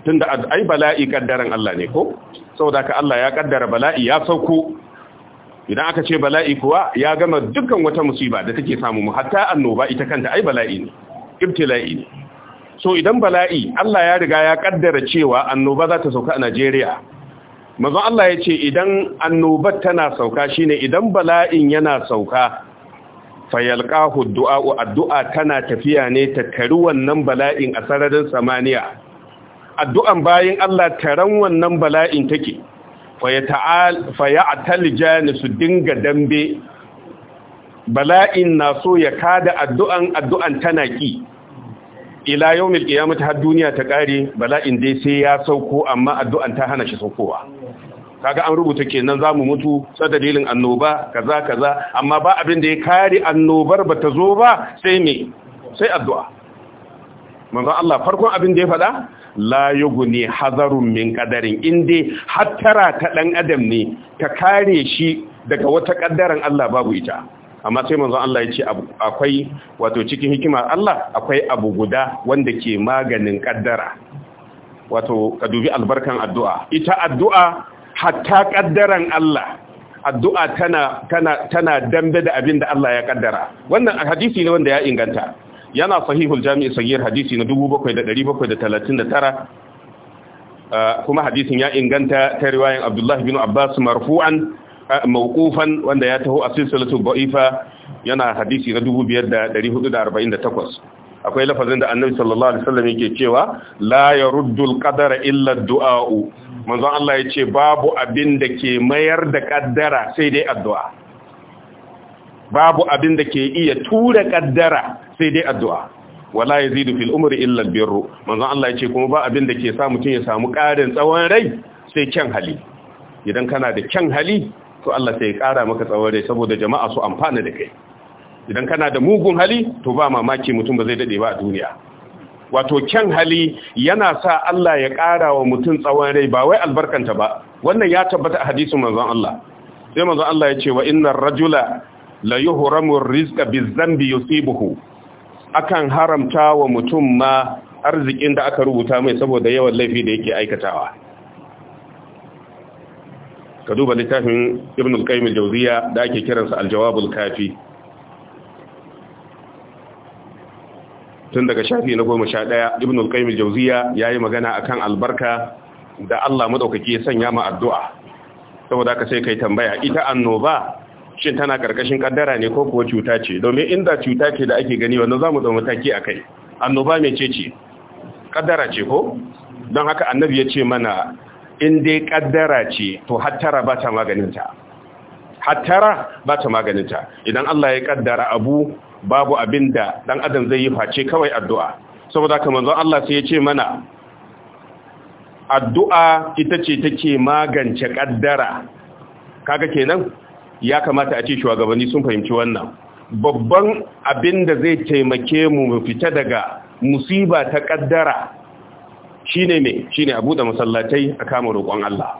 tunda ai bala'i ƙaddaran Allah ne ko saboda ka Allah ya kaddara bala'i ya sauko idan aka ce bala'i kuwa ya gama dukkan wata musiba da take samu mu hatta annoba ita kanta ai bala'i ne ibtila'i ne so idan bala'i Allah ya riga ya kaddara cewa annoba za ta sauka a Najeriya manzo Allah ya ce idan annobar tana sauka shine idan bala'in yana sauka fayalqahu du'a addu'a tana tafiya ne ta kari wannan bala'in a sararin samaniya addu'an bayan Allah taran wannan bala'in take a ni su dinga dambe bala'in na so ya kada addu'an addu'an tana ƙi ila yau mil ƙiyamata har duniya ta ƙare bala'in dai sai ya sauko amma addu'an ta hana shi saukowa kaga an rubuta kenan za mu mutu sa dalilin annoba kaza kaza amma ba abin da ya kare annobar ba ta zo ba sai me sai addu'a manzo Allah farkon abin da ya faɗa la ne hazarun min kadarin inda hattara ta ɗan adam ne ta kare shi daga wata kaddaran Allah babu ita amma sai manzon Allah ya ce akwai wato cikin hikima Allah akwai abu guda wanda ke maganin kaddara wato ka dubi albarkan addu'a ita addu'a hatta kaddaran Allah addu'a tana tana dambe da abin da Allah ya kaddara wannan hadisi ne wanda ya inganta yana sahihul jami'i sahihar hadisi na 7739 kuma hadisin ya inganta ta riwayan Abdullah bin Abbas marfu'an mawqufan wanda ya taho a silsilatu Baifa. yana hadisi na 5448 akwai lafazin da Annabi sallallahu alaihi wasallam yake cewa la yaruddul qadara illa du'a'u manzo Allah yace babu abin da ke mayar da kaddara sai dai addu'a babu abin da ke iya tura kaddara sai dai addu'a wala yazidu fil illar illa albirru manzon Allah ya ce kuma ba abin da ke sa mutum ya samu ƙarin tsawon rai sai kyan hali idan kana da kyan hali to Allah sai ya ƙara maka tsawon rai saboda jama'a su amfana da kai idan kana da mugun hali to ba mamaki mutum ba zai dade ba a duniya wato kyan hali yana sa Allah ya ƙara wa mutum tsawon rai ba wai albarkanta ba wannan ya tabbata a hadisin manzon Allah sai manzon Allah ya ce wa innar rajula la yuhramu rizqa bizambi yusibuhu akan haramta wa mutum ma arzikin da aka rubuta mai saboda yawan laifi da yake aikatawa ka duba littafin ibn al-qayyim jawziya da ake kiransa al-jawab al-kafi tun daga shafi na ɗaya, ibn al-qayyim al-jawziya yayi magana akan albarka da Allah maɗaukaki ya sanya ma addu'a saboda aka sai kai tambaya ita annoba shin tana karkashin kaddara ne ko kuwa cuta ce domin inda cuta ce da ake gani za mu dauki mataki kai annoba mai ce kaddara ce ko don haka annabi ya ce mana in dai kaddara ce to hattara ba ta maganinta hattara ba ta maganinta idan Allah ya kaddara abu babu abin da dan adam zai yi face kawai addu'a saboda kamar manzon Allah sai ya ce mana addu'a ita ce take magance kaddara kaga kenan ya kamata a ce shugabanni sun fahimci wannan babban abin da zai taimake mu mu fita daga musiba ta kaddara shine shine a bude masallatai a kama roƙon Allah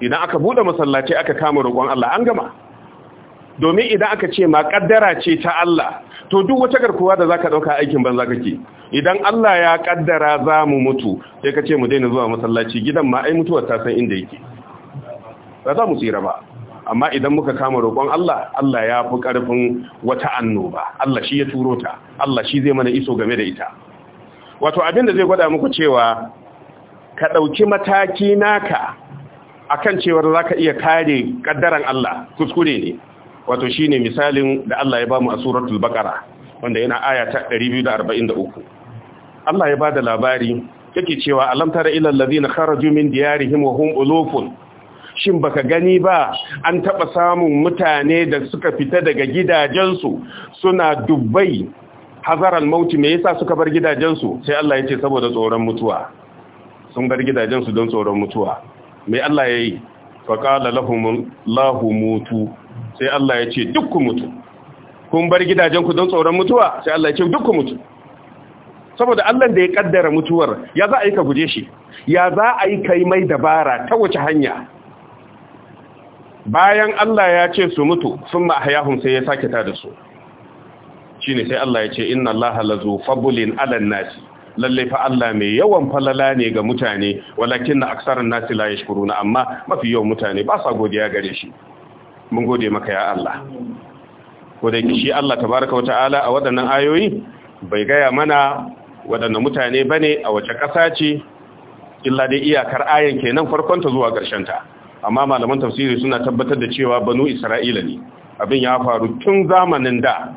idan aka bude masallatai aka kama roƙon Allah an gama domin idan aka ce ma kaddara ce ta Allah to duk wata garkuwa da zaka ɗauka aikin banza kake idan Allah ya kaddara za mu mutu sai ka ce mu daina zuwa masallaci gidan ma ai mutuwar ta san inda yake ba za mu tsira ba amma idan muka kama roƙon Allah Allah ya fi ƙarfin wata annoba Allah shi ya turo ta Allah shi zai mana iso game da ita wato abin da zai gwada muku cewa ka ɗauki mataki naka akan cewar za ka iya kare ƙaddaran Allah kuskure ne wato shi ne misalin da Allah ya ba mu a suratul baƙara wanda yana aya ta 243 Allah ya ba da labari yake cewa alam tara ilal ladina kharaju min diyarihim wa hum shin baka gani ba an taɓa samun mutane da suka fita daga gidajensu suna dubbai hazaran mauti me yasa suka bar gidajensu sai Allah ya ce saboda tsoron mutuwa sun bar gidajensu don tsoron mutuwa me Allah ya yi faƙala lahu mutu sai Allah ya ce dukku mutu kun bar gidajenku don tsoron mutuwa sai Allah ya ce dukku mutu saboda Allah da ya kaddara mutuwar ya za a yi ka guje shi ya za a yi kai mai dabara ta wace hanya bayan Allah ya ce su mutu sun ma'ahayahun sai ya sake ta da su shi ne sai Allah ya ce inna Allah halazu fabulin alan nasi lalle fa Allah mai yawan falala ne ga mutane walakin na aksarar nasi la na amma mafi yawan mutane ba sa godiya gare shi mun gode maka ya Allah ko shi Allah tabaraka wa ta'ala a waɗannan ayoyi bai gaya mana waɗannan mutane bane a wace ƙasa ce illa dai iyakar ayan kenan farkon ta zuwa ƙarshen ta amma malaman tafsiri suna tabbatar da cewa banu isra'ila ne abin ya faru tun zamanin da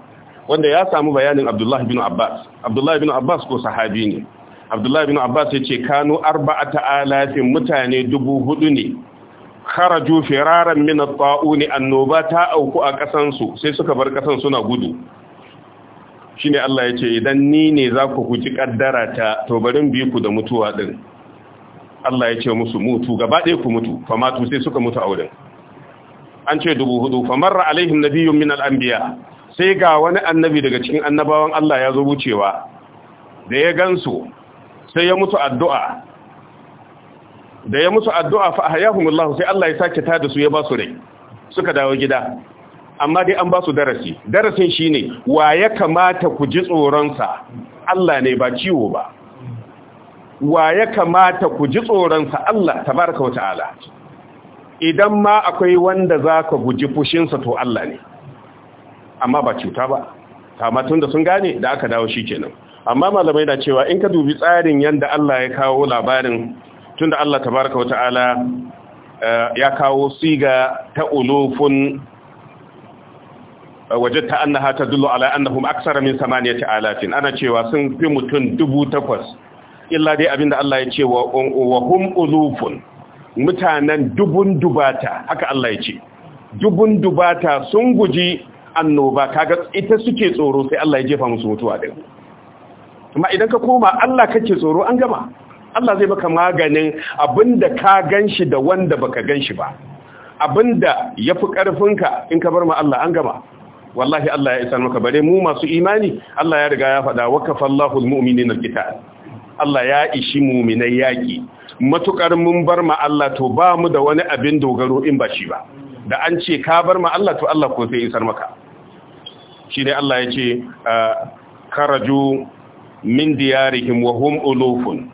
wanda ya samu bayanin abdullahi bin abbas abdullahi bin abbas ko sahabi ne abdullahi bin abbas ya ce kanu arba'ata alafin mutane dubu hudu ne kharaju firaran min at-ta'uni annoba ta auku a kasan su sai suka bar kasan suna gudu shine Allah ya ce idan ni ne za ku ji kaddara ta to barin bi da mutuwa din Allah ya ce musu mutu gaba ɗaya ku mutu fa matu sai suka mutu a wurin an ce dubu hudu fa marra alaihim nabiyyun min al-anbiya sai ga wani annabi daga cikin annabawan Allah ya zo wucewa da ya gansu sai ya mutu addu'a da ya mutu addu'a fa Allah sai Allah ya sake tada su ya ba su rai suka dawo gida amma dai an ba su darasi darasin shine wa ya kamata ku ji tsoron sa Allah ne ba ciwo ba wa ya kamata ku ji tsoronsa Allah tabaraka wata'ala idan ma akwai wanda za ka guji fushinsa to Allah ne amma ba cuta ba kamatun da sun gane da aka dawo shi kenan amma malamai na cewa in ka dubi tsarin yadda Allah ya kawo labarin tunda Allah tabaraka wata'ala eh, ya kawo siga ta ulufun eh, wajenta annaha tadullu ala annahum aksara min samaniya alatin ana cewa sun fi mutum dubu takwas illa dai abinda Allah ya ce wa hum uzufun mutanen dubun dubata haka Allah ya ce dubun dubata sun guji annoba kaga ita suke tsoro sai Allah ya jefa musu mutuwa din amma idan ka koma Allah kake tsoro an gama Allah zai maka maganin abinda ka ganshi da wanda baka ganshi ba abinda yafi karfinka in ka bar ma Allah an gama wallahi Allah ya isa maka bare mu masu imani Allah ya riga ya faɗa wa kafallahu almu'minina alqital Allah ya ishi muminai yaƙi matukar mun bar ma Allah to ba mu da wani abin dogaro in ba shi ba da an ce ka bar ma Allah to Allah ko sai isar maka shi dai Allah ya ce ah, karaju min diyarihim wa hum ulufun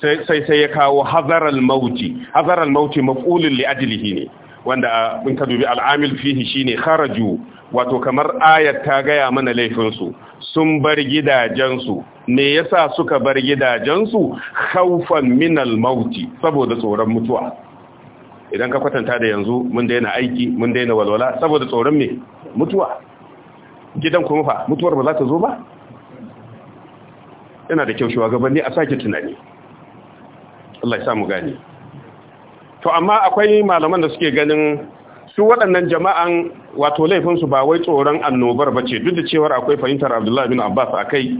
sai sai ya kawo hazaral mauti hazaral mauti maf'ulun li ne wanda ah, in ka dubi al'amil fihi shine kharaju wato kamar ayat ta gaya mana laifin su sun bar gidajensu me yasa suka bar gidajensu min minal mauti saboda tsoron mutuwa idan ka kwatanta da yanzu mun daina aiki mun daina walwala saboda tsoron me mutuwa gidan kuma fa mutuwar ba za ta zo ba yana da kyau shugabanni a sake tunani Allah ya samu gani to amma akwai malaman da suke ganin su waɗannan jama'an wato laifinsu ba wai tsoron annobar ba ce duk da cewar akwai fahimtar abdullahi bin abbas a kai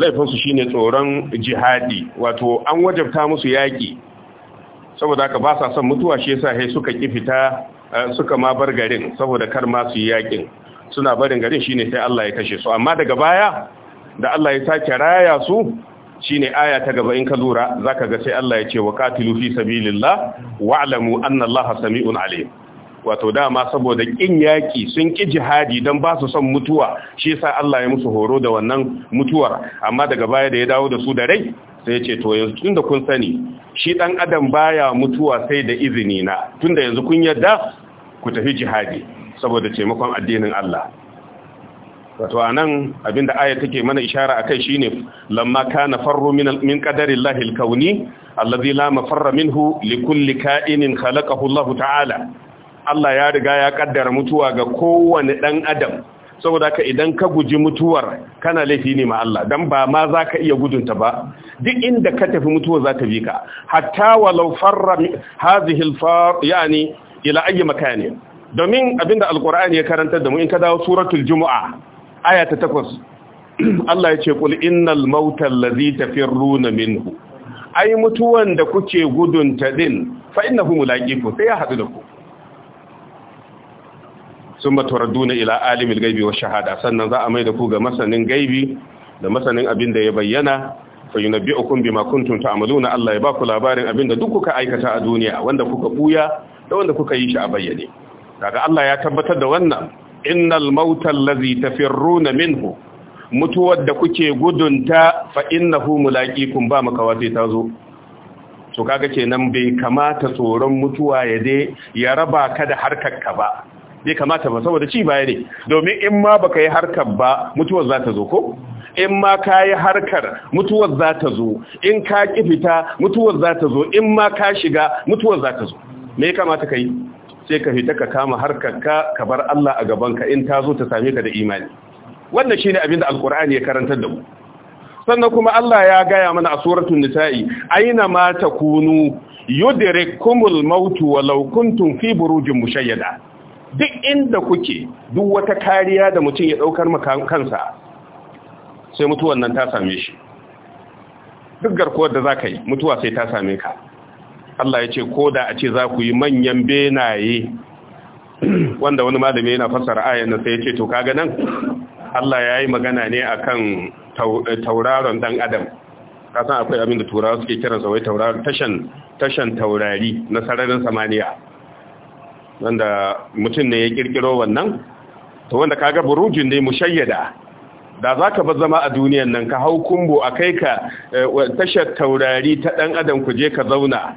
laifinsu shi ne tsoron jihadi wato an wajabta musu yaƙi saboda aka ba sa son mutuwa shi yasa sai suka ƙi fita suka ma bar garin saboda kar ma su yi yaƙin suna barin garin shi ne sai Allah ya kashe su amma daga baya da Allah ya sake raya su shine aya ta gaba in ka lura zaka ga sai Allah ya ce wa qatilu fi sabilillah wa'lamu anna Allaha sami'un alim wato dama saboda kin yaki sun ki jihadi don ba su son mutuwa shi sa Allah ya musu horo da wannan mutuwar amma daga baya da ya dawo da su da rai sai ce to yanzu tunda kun sani shi dan adam baya mutuwa sai da izini na tunda yanzu kun yadda ku tafi jihadi saboda taimakon addinin Allah wato anan abinda aya take mana ishara akai shine lamma kana farru min min qadari llahi alkauni alladhi la mafarra minhu likulli ka'inin khalaqahu Allah ta'ala Allah ya riga ya kaddara mutuwa ga kowane ɗan adam saboda ka idan ka guji mutuwar kana laifi ne ma Allah dan ba ma za ka iya gudunta ba duk inda ka tafi mutuwa za ta bi ka hatta walau farra hadhihi al yani ila ayi makani domin abinda alqur'ani ya karanta da mu in ka dawo suratul jumu'a aya ta Allah ya ce qul innal mauta allazi tafirruna minhu ai mutuwan da kuke gudunta din fa innahu mulaqiku sai ya hadu da ku sun maturaduna ila alimil gaibi wa shahada sannan za a mai da ku ga masanin gaibi da masanin abin da ya bayyana fa yunabbi'ukum bima kuntum ta'maluna Allah ya baku labarin abin da duk kuka aikata a duniya wanda kuka buya da wanda kuka yi shi a bayyane daga Allah ya tabbatar da wannan innal mauta allazi tafirruna minhu mutuwar da kuke gudunta fa innahu mulaqikum ba makawa sai ta zo to kaga kenan bai kamata tsoron mutuwa ya dai ya raba ka da harkar ka ba bai kamata ba saboda ci baya ne domin in ma baka yi harkar ba mutuwar za ta zo ko in ma ka yi harkar mutuwar za ta zo in ka ki fita mutuwar za ta zo in ma ka shiga mutuwar za ta zo me ya kamata ka yi sai ka fita ka kama harkar ka ka bar Allah a gaban ka in ta zo ta same ka da imani wannan shine abin da alkur'ani ya karantar da mu sannan kuma Allah ya gaya mana a suratul nisa'i aina ma takunu yudrikumul mautu walau kuntum fi burujin mushayyada duk inda kuke duk wata kariya da mutum ya ɗaukar kansa sai mutuwan nan ta same shi duk garkuwar da za ka yi mutuwa sai ta same ka Allah ya ce ko da a ce za ku yi manyan benaye wanda wani malami yana fassara ayan nan sai ya ce to kaga nan Allah ya yi magana ne akan eh, tauraron dan adam kasan akwai abin da turawa suke kiransa wai tauraron tashan taurari na sararin samaniya wanda mutum ne ya kirkiro wannan to wanda kaga burujin ne mushayyada da zaka bar zama a duniyan nan ka hau kumbo a kai ka eh, tashar taurari ta dan adam ku je ka zauna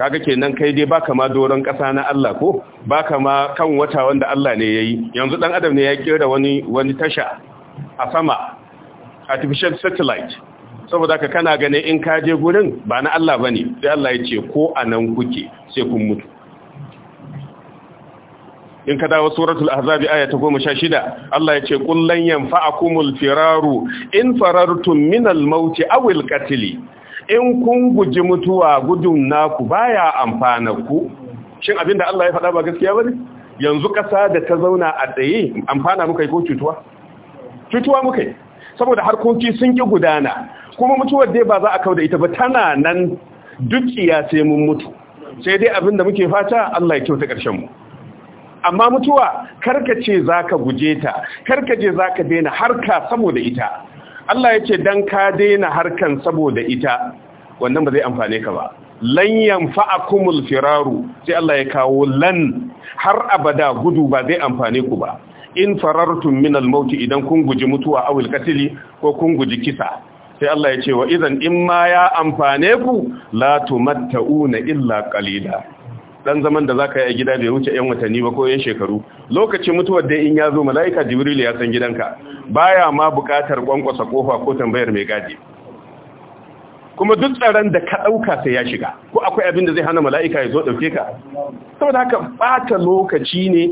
kaga kenan kai dai baka ma doron kasa na Allah ko baka ma kan wata wanda Allah ne yayi yanzu dan adam ne ya kira wani wani tasha a sama artificial satellite saboda ka kana ganin in ka je gurin ba na Allah bane sai Allah ya ce ko anan kuke sai kun mutu in ka dawo suratul ahzab aya ta goma sha shida Allah yace ce kullan yanfa'akumul firaru in farartum minal maut aw al-qatl in kun guji mutuwa gudun naku baya amfana ku shin abinda Allah ya faɗa ba gaskiya bane yanzu ƙasa da ta zauna a tsaye amfana muka yi ko cutuwa cutuwa muka yi saboda harkoki sun ki gudana kuma mutuwar dai ba za a kawo da ita ba tana nan dukiya sai mun mutu sai dai abinda muke fata Allah ya kyauta ƙarshen mu amma mutuwa karkace ka guje ta karkace ka daina harka saboda ita Allah ya ce don ka daina harkan saboda ita wannan ba zai amfane ka ba Lanyan fa'akumul firaru sai Allah ya kawo lan har abada gudu ba zai amfane ku ba in farartun min al idan kun guji mutuwa a wilkatili ko kun guji kisa sai Allah ya ce wa izan in ma ya amfane ku la tumatta'una illa qalila dan zaman da zaka yi a gida bai wuce yan watanni ba ko yan shekaru lokacin mutuwar dai in ya zo mala'ika jibril ya san gidanka baya ma buƙatar kwankwasa kofa ko tambayar mai gadi kuma duk tsaron da ka ɗauka sai ya shiga ko akwai abin da zai hana mala'ika ya zo ɗauke ka saboda haka ɓata lokaci ne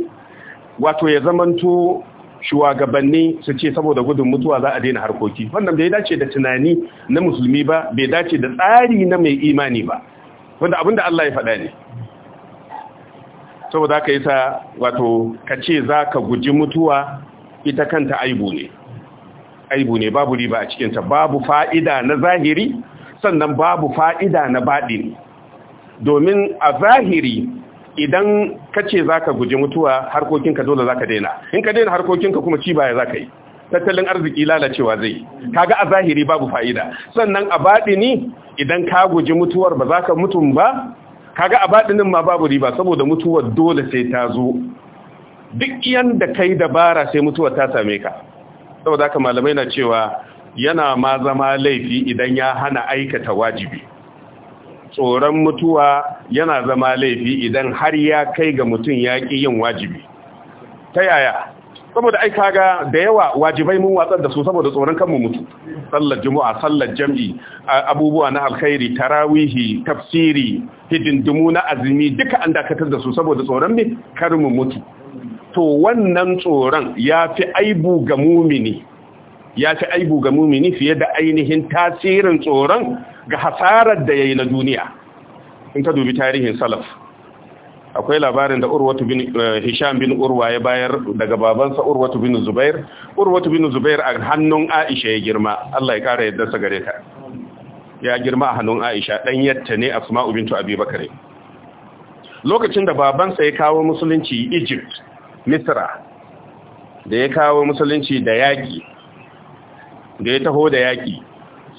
wato ya zamanto shugabanni su ce saboda gudun mutuwa za a daina harkoki wannan bai dace da tunani na musulmi ba bai dace da tsari na mai imani ba wanda abinda Allah ya faɗa ne saboda ka yi sa wato ka ce za ka guji mutuwa ita kanta aibu ne aibu ne babu riba a cikinta babu fa'ida na zahiri sannan babu fa'ida na baɗi. domin a zahiri idan ka ce za ka guji mutuwa harkokinka dole za ka daina in ka daina harkokinka kuma ci baya za ka yi tattalin arziki lalacewa zai kaga a zahiri babu fa'ida sannan a baɗi baɗini idan ka guji mutuwar ba za ka mutum ba kaga a baɗinin ma babu riba saboda mutuwar dole sai ta zo duk yanda kai dabara sai mutuwar ta same ka saboda haka malamai na cewa yana ma zama laifi idan ya hana aikata wajibi tsoron mutuwa yana zama laifi idan har ya kai ga mutum ya ƙi yin wajibi ta yaya saboda ai kaga da yawa wajibai mun watsar da su saboda tsoron kanmu mutu sallar juma'a sallar jam'i abubuwa na alkhairi tarawihi tafsiri hidindimu na azumi duka an dakatar da su saboda tsoron ne kar mu mutu to wannan tsoron yafi aibu ga mumini yafi aibu ga mumini fiye da ainihin tasirin tsoron ga hasarar da yayi na duniya in ka dubi tarihin salaf akwai labarin da urwatu bin eh, hisham bin urwa ya bayar daga babansa urwatu bin zubair urwatu bin zubair a hannun aisha ya girma Allah ya kara yadda gare ta ya girma a hannun aisha dan yatta ne asma'u bintu abi bakare lokacin da babansa ya kawo musulunci egypt misra da ya kawo musulunci da yaki da ya taho da yaki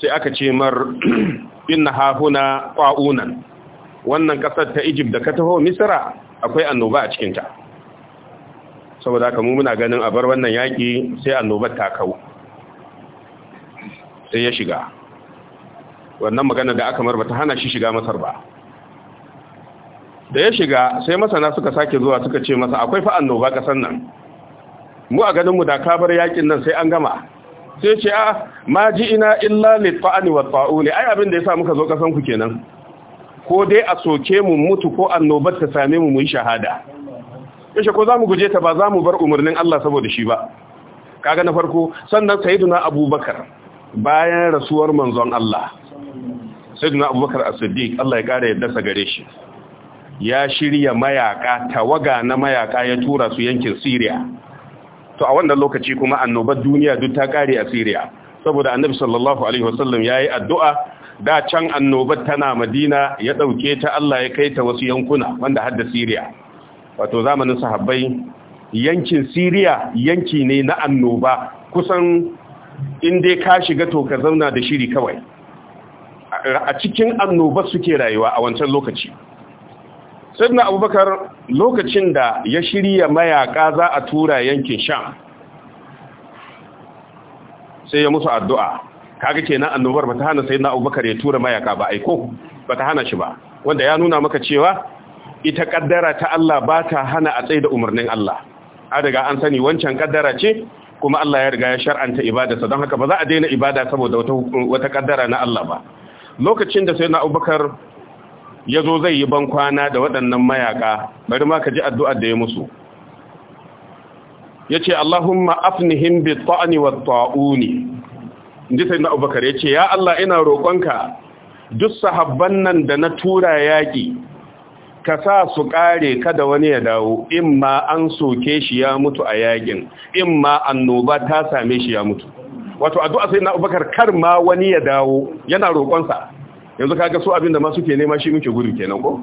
sai aka ce mar ina hahuna qa'unan wannan kasar ta Egypt da ka taho Misra akwai annoba a cikin ta saboda haka mu muna ganin a bar wannan yaki sai annobar ta kawo sai ya shiga wannan magana da aka marba ta hana shi shiga Masar ba da ya shiga sai masana suka sake zuwa suka ce masa akwai fa annoba kasar nan mu a ganin mu da bar yakin nan sai an gama sai ce a ah, ma ji ina illa litfa'ani wa ne? ai abin da yasa muka zo kasan ku kenan ko dai a soke mu mutu ko annobar ta same mu mun shahada yaushe ko zamu guje ta ba zamu bar umarnin Allah saboda shi ba kaga na farko sannan sayyiduna abubakar bayan rasuwar manzon Allah sayyiduna abubakar as-siddiq Allah ya kare yadda gare shi ya shirya mayaka tawaga na mayaka ya tura su yankin Syria to a wannan lokaci kuma annobar duniya duk ta kare a Syria saboda annabi sallallahu alaihi wasallam yayi addu'a da can annobar tana madina ya ɗauke ta Allah ya kai ta wasu yankuna wanda hadda siriya wato zamanin sahabbai yankin siriya yanki ne na annoba kusan inda ka shiga to ka zauna da shiri kawai a cikin annoba suke rayuwa a wancan lokaci sai abubakar lokacin da ya shirya mayaka za a tura yankin sham sai ya musu addu'a kaga kenan annobar bata hana sayyidina Abubakar ya tura mayaka ba aiko bata hana shi ba wanda ya nuna maka cewa ita kaddara ta Allah ba ta hana a tsaye da umarnin Allah a daga an sani wancan kaddara ce kuma Allah ya riga ya shar'anta ibadarsa don haka ba za a daina ibada saboda wata wata kaddara na Allah ba lokacin da sayyidina Abubakar ya zo zai yi bankwana da waɗannan mayaka bari ma ka ji addu'ar da ya musu ya ce Allahumma afnihim bi ta'ani wa ta'uni inji sai na abubakar ya ce ya Allah ina roƙonka duk sahabban nan da na tura yaƙi ka sa su ƙare kada wani ya dawo in ma an soke shi ya mutu a yaƙin in ma annoba ta same shi ya mutu wato addu'a sai na abubakar kar ma wani ya dawo yana roƙonsa yanzu kaga su abinda ma suke nema shi muke gudu kenan ko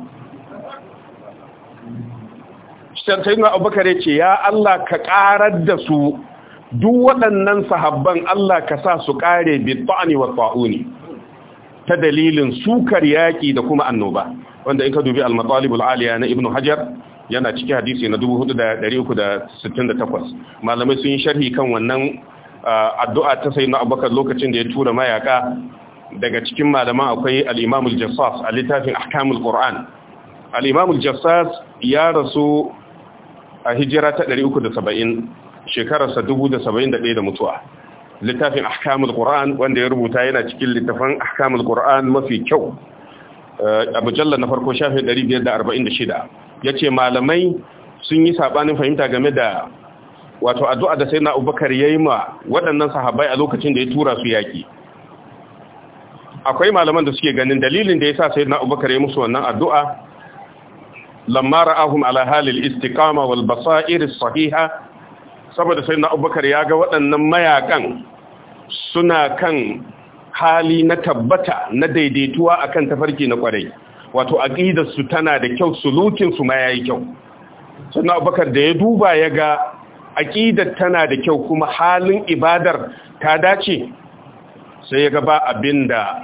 sai na abubakar ya ce ya Allah ka ƙarar da su duk waɗannan sahabban Allah ka sa su ƙare bitta'ani wa ta'uni ta dalilin sukar yaƙi da kuma annoba wanda in ka dubi al-matalibul aliya na ibnu hajar yana cikin hadisi na 4368 malamai sun yi sharhi kan wannan addu'a ta sayyidina abubakar lokacin da ya tura mayaka daga cikin malaman akwai al-imamul jassas a littafin ahkamul qur'an al-imamul jassas ya rasu a hijira ta 370 shekararsa 1071 da mutuwa littafin ahkamul qur'an wanda ya rubuta yana cikin littafin ahkamul qur'an mafi kyau eh, a mujallar na farko shida, 546 yace malamai sun yi sabanin fahimta game da wato addu'a da sayyidina Abubakar yayi ma waɗannan sahabbai a lokacin da ya tura su yaki akwai malaman da suke ganin dalilin da yasa sayyidina Abubakar ya musu wannan addu'a lamma ra'ahum ala halil istiqama wal basair as-sahiha saboda sai na abubakar ya ga waɗannan mayakan suna kan hali na tabbata na daidaituwa akan tafarki na ƙwarai. wato aqidarsu tana da kyau sulukinsu ma ya yi kyau sannan abubakar da ya duba ya ga aƙidar tana da kyau kuma halin ibadar ta dace sai ya gaba abin da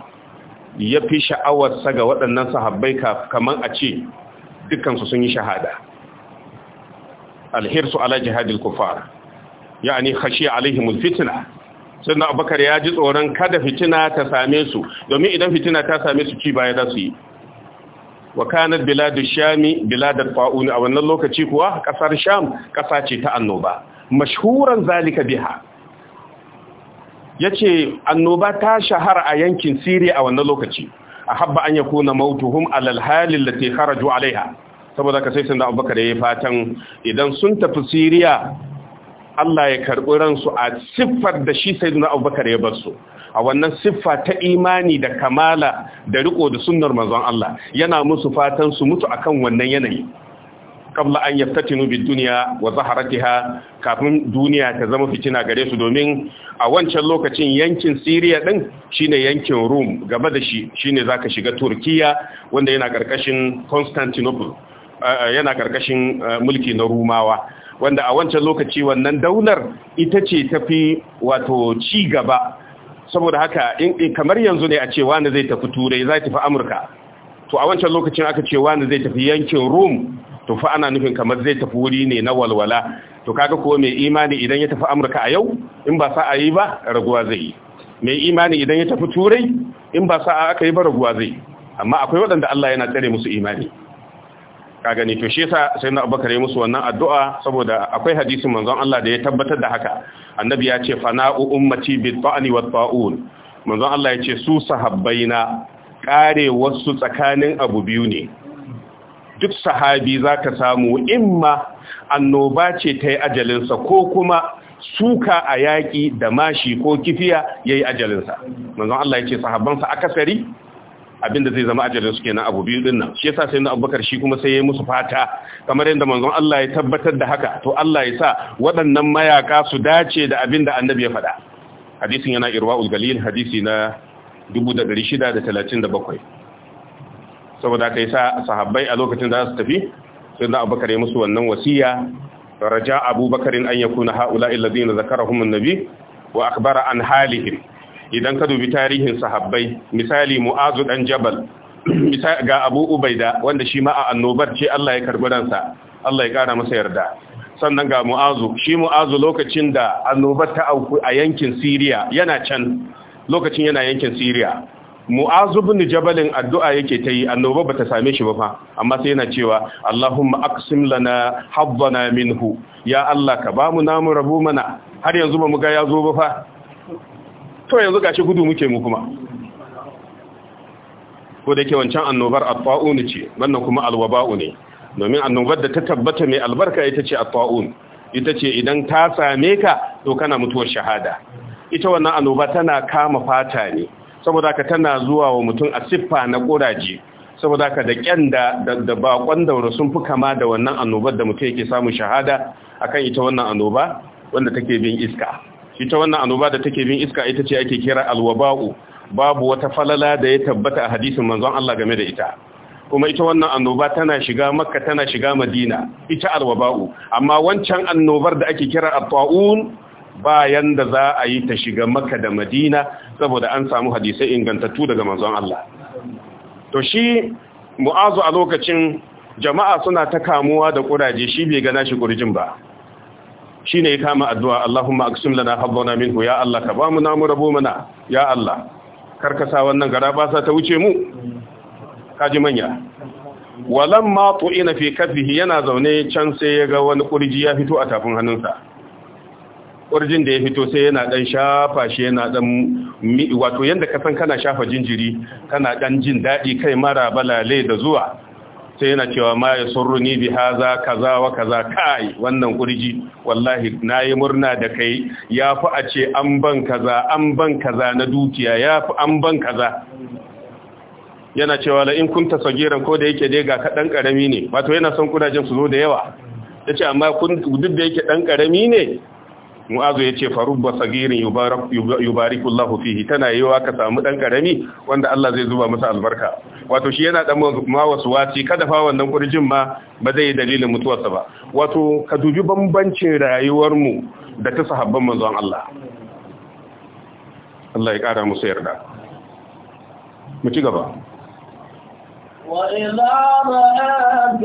ya fi sha'awarsa ga waɗannan sahabbai kamar a ce dukansu sun yi shahada alhirsu ala jihadil kufar yani khashiya alaihimul fitna sannan abubakar ya ji tsoron kada fitina ta same su domin idan fitina ta same su ci baya za su yi wa kanar biladar shami biladar fa'uni a wannan lokaci kuwa kasar sham kasa ce ta annoba mashhuran zalika biha ya ce annoba ta shahara a yankin siriya a wannan lokaci a an ya kuna mautuhum alalhalin da te haraju alaiha saboda ka sai sun abubakar ya yi fatan idan sun tafi siriya Allah ya karɓi ransu a siffar da shi sai duna abubakar ya su a wannan siffa ta imani da kamala da riko da sunnar mazan Allah yana musu fatan su mutu akan wannan yanayi kabla an yaftatinu bid duniya wa ha kafin duniya ta zama fitina gare su domin a wancan lokacin yankin Siriya din shine yankin Rum. gaba da shi shine ka shiga Turkiyya wanda yana ƙarƙashin Constantinople eh, eh, yana ƙarƙashin eh, mulki na Rumawa wanda a wancan lokaci wannan daular ita ce tafi wato ci gaba saboda haka in kamar yanzu ne a ce wani zai tafi turai zai tafi amurka to a wancan lokacin aka ce wani zai tafi yankin rum to fa ana nufin kamar zai tafi wuri ne na walwala to kaga ko mai imani idan ya tafi amurka a yau in ba sa'a yi ba raguwa zai yi mai imani idan ya tafi turai in ba sa'a aka yi ba raguwa zai amma akwai waɗanda Allah yana tsare musu imani ka gani to shi yasa sai na abubakar ya musu wannan addu'a saboda akwai hadisin manzon Allah da ya tabbatar da haka annabi ya ce fana'u ummati bit ta'ni wat ta'un manzon Allah ya ce su sahabbaina kare wasu tsakanin abu biyu ne duk sahabi zaka samu imma annoba ce ta yi ajalinsa ko kuma suka a yaƙi da mashi ko kifiya ya yi ajalinsa manzon Allah ya ce sahabbansa akasari Abin da zai zama ajalin su kenan abu biyu din nan shi yasa sai abubakar shi kuma sai ya musu fata kamar yadda manzon Allah ya tabbatar da haka to Allah ya sa waɗannan mayaka su dace da abin da annabi ya faɗa hadisin yana irwaul galil hadisi na 637 saboda kai sa sahabbai a lokacin da su tafi sai na abubakar ya musu wannan wasiya raja abubakarin an yakuna haula illazina zakarahum an-nabi wa akhbara an halihim idan ka dubi tarihin sahabbai misali mu'azu dan jabal ga abu ubaida wanda shi ma a annobar ce Allah ya karbi ransa Allah ya kara masa yarda sannan ga mu'azu shi mu'azu lokacin da annobar ta auku a yankin Siriya yana can lokacin yana yankin Siriya mu'azu bin jabalin addu'a yake ta yi annoba bata same shi ba fa amma sai yana cewa Allahumma aqsim lana habbana minhu ya Allah ka bamu namu rabu mana har yanzu ba mu ga ya zo ba fa to yanzu gashi gudu muke mu kuma ko da ke wancan annobar at-ta'un ce wannan kuma al-waba'u ne domin annobar da ta tabbata mai albarka ita ce at-ta'un ita ce idan ta same ka to kana mutuwar shahada ita wannan annoba tana kama fata ne saboda ka tana zuwa wa mutum a siffa na kuraje saboda ka da kyanda da bakon daura sun fi kama da wannan annobar da mutum yake samu shahada akan ita wannan annoba wanda take bin iska ita wannan annoba da take bin iska ita ce ake kira alwaba'u babu wata falala da ya tabbata a hadisin manzon Allah game da ita kuma ita wannan annoba tana shiga makka tana shiga madina ita alwaba'u amma wancan annobar da ake kira at-ta'un bayan da za a yi ta shiga makka da madina saboda an samu hadisai ingantattu daga manzon Allah to shi mu'azu a lokacin jama'a suna ta kamuwa da kuraje shi bai gana shi kurjin ba Shi ne ya kama addu'a Allahumma aqsim lana habbana minhu ya Allah ka ba mu namu rabo mana ya Allah karkasa wannan gara ba sa ta wuce mu kaji manya walamma tu'ina fi kadhihi yana zaune can sai ya ga wani kurji ya fito a tafin hannunsa kurjin da ya fito sai yana dan shafa shi yana dan wato yadda ka san kana shafa jinjiri kana dan jin daɗi kai mara balale da zuwa sai yana cewa ma ya ni bi haza kaza wa kaza kai wannan kurji wallahi nayi murna da kai yafi a ce an ban kaza an ban kaza na dukiya yafi an ban kaza yana cewa la in kunta sagiran ko da yake dai ga dan karami ne wato yana son kudajen su zo da yawa yace amma kun duk da yake dan karami ne mu'azu ya ce farubba sagirin yubariku Allah fihi tana wa ka samu ɗan ƙarami wanda Allah zai zuba masa albarka wato shi yana ɗan ma wasu waci kada fa wannan ƙurjin ma ba zai yi dalilin mutuwarsa ba wato ka dubi bambancin rayuwarmu da ta sahabban manzon Allah Allah ya ƙara musu yarda mu ci gaba وإذا الذين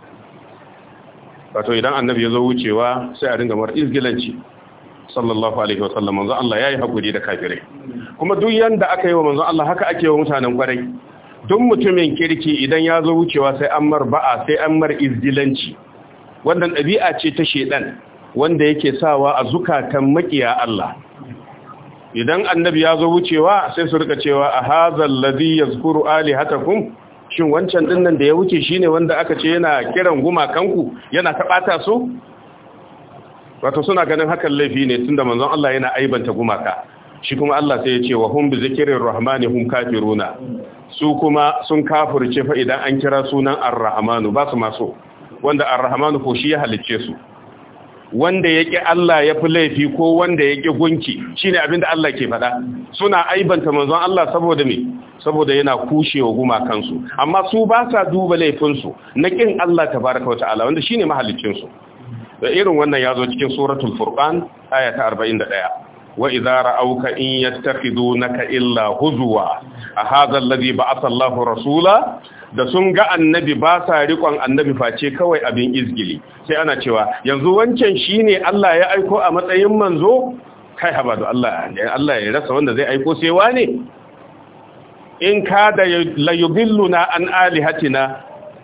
wato idan annabi ya zo wucewa sai a dinga mar izgilanci sallallahu alaihi wasallam manzo Allah yayi hakuri da kafirai kuma duk yanda aka yi wa manzo Allah haka ake wa mutanen kwarai duk mutumin kirki idan ya zo wucewa sai an mar ba'a sai an mar izgilanci wannan ɗabi'a ce ta shedan wanda yake sawa a zukatan makiya Allah idan annabi ya zo wucewa sai su rika cewa a hazal ladhi yazkuru alihatakum shin wancan dinnan da ya wuce shine wanda aka ce yana kiran gumakanku yana ta su wato suna ganin hakan laifi ne tunda manzon Allah yana aibanta gumaka shi kuma Allah sai ya ce wa hum bi zikrir rahmani hum kafiruna su kuma sun kafurce fa idan an kira sunan arrahmanu rahmanu ba su maso wanda arrahmanu ko shi ya halicce su wanda ya Allah ya fi laifi ko wanda ya ƙi gunki shine abin da Allah ke faɗa suna aibanta manzon Allah saboda me saboda yana kushewa gumakansu amma su ba sa duba laifinsu na ƙin Allah ta baraka wa ta'ala wanda shine ne mahalicinsu da irin wannan ya zo cikin suratul furqan aya ta 41 wa idza ra'awka in yattakhidunaka illa huzuwa a hadha alladhi ba'atha Allahu rasula da sun ga annabi ba sa rikon annabi face kawai abin izgili sai ana cewa yanzu wancan shine Allah ya aiko a matsayin manzo kai haba da Allah Allah ya rasa wanda zai aiko sai wane in ka da yubilluna an alihatina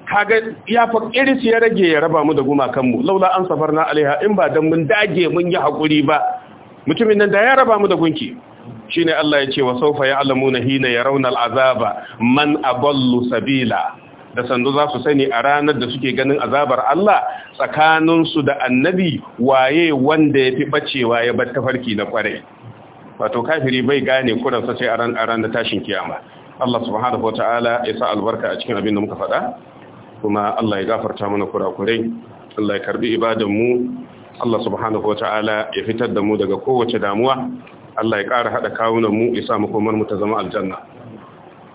kaga ya fa iris ya rage ya raba mu da gumakan mu laula an safarna alaiha in ba dan mun dage mun yi hakuri ba mutumin nan da ya raba mu da gunki shine Allah ya ce wa Alamu ya'lamuna hina yarawna al'azaba man aballu sabila da sandu za su sani a ranar da suke ganin azabar Allah tsakaninsu da annabi waye wanda ya fi bacewa ya bar tafarki na kwarai wato kafiri bai gane kuransa sai a ranar tashin kiyama Allah subhanahu wataala ya sa albarka a cikin abin da muka faɗa kuma Allah ya gafarta mana kurakurai Allah ya karbi ibadan mu Allah subhanahu wataala ya fitar da mu daga kowace damuwa Allah ya ƙara haɗa kawunan mu isa samu mu ta zama aljanna.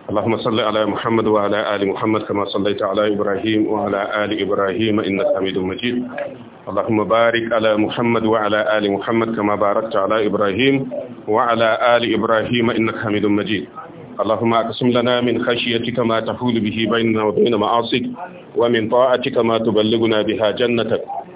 Allahumma salli ala Muhammad wa ala ali Muhammad kama sallaita ala Ibrahim wa ala ali Ibrahim inna hamidum majid. Allahumma barik ala Muhammad wa ala ali Muhammad kama barakta ala Ibrahim wa ala ali Ibrahim inna hamidum majid. اللهم اقسم لنا من خشيتك ما تحول به بيننا وبين معاصيك ومن طاعتك ما تبلغنا بها جنتك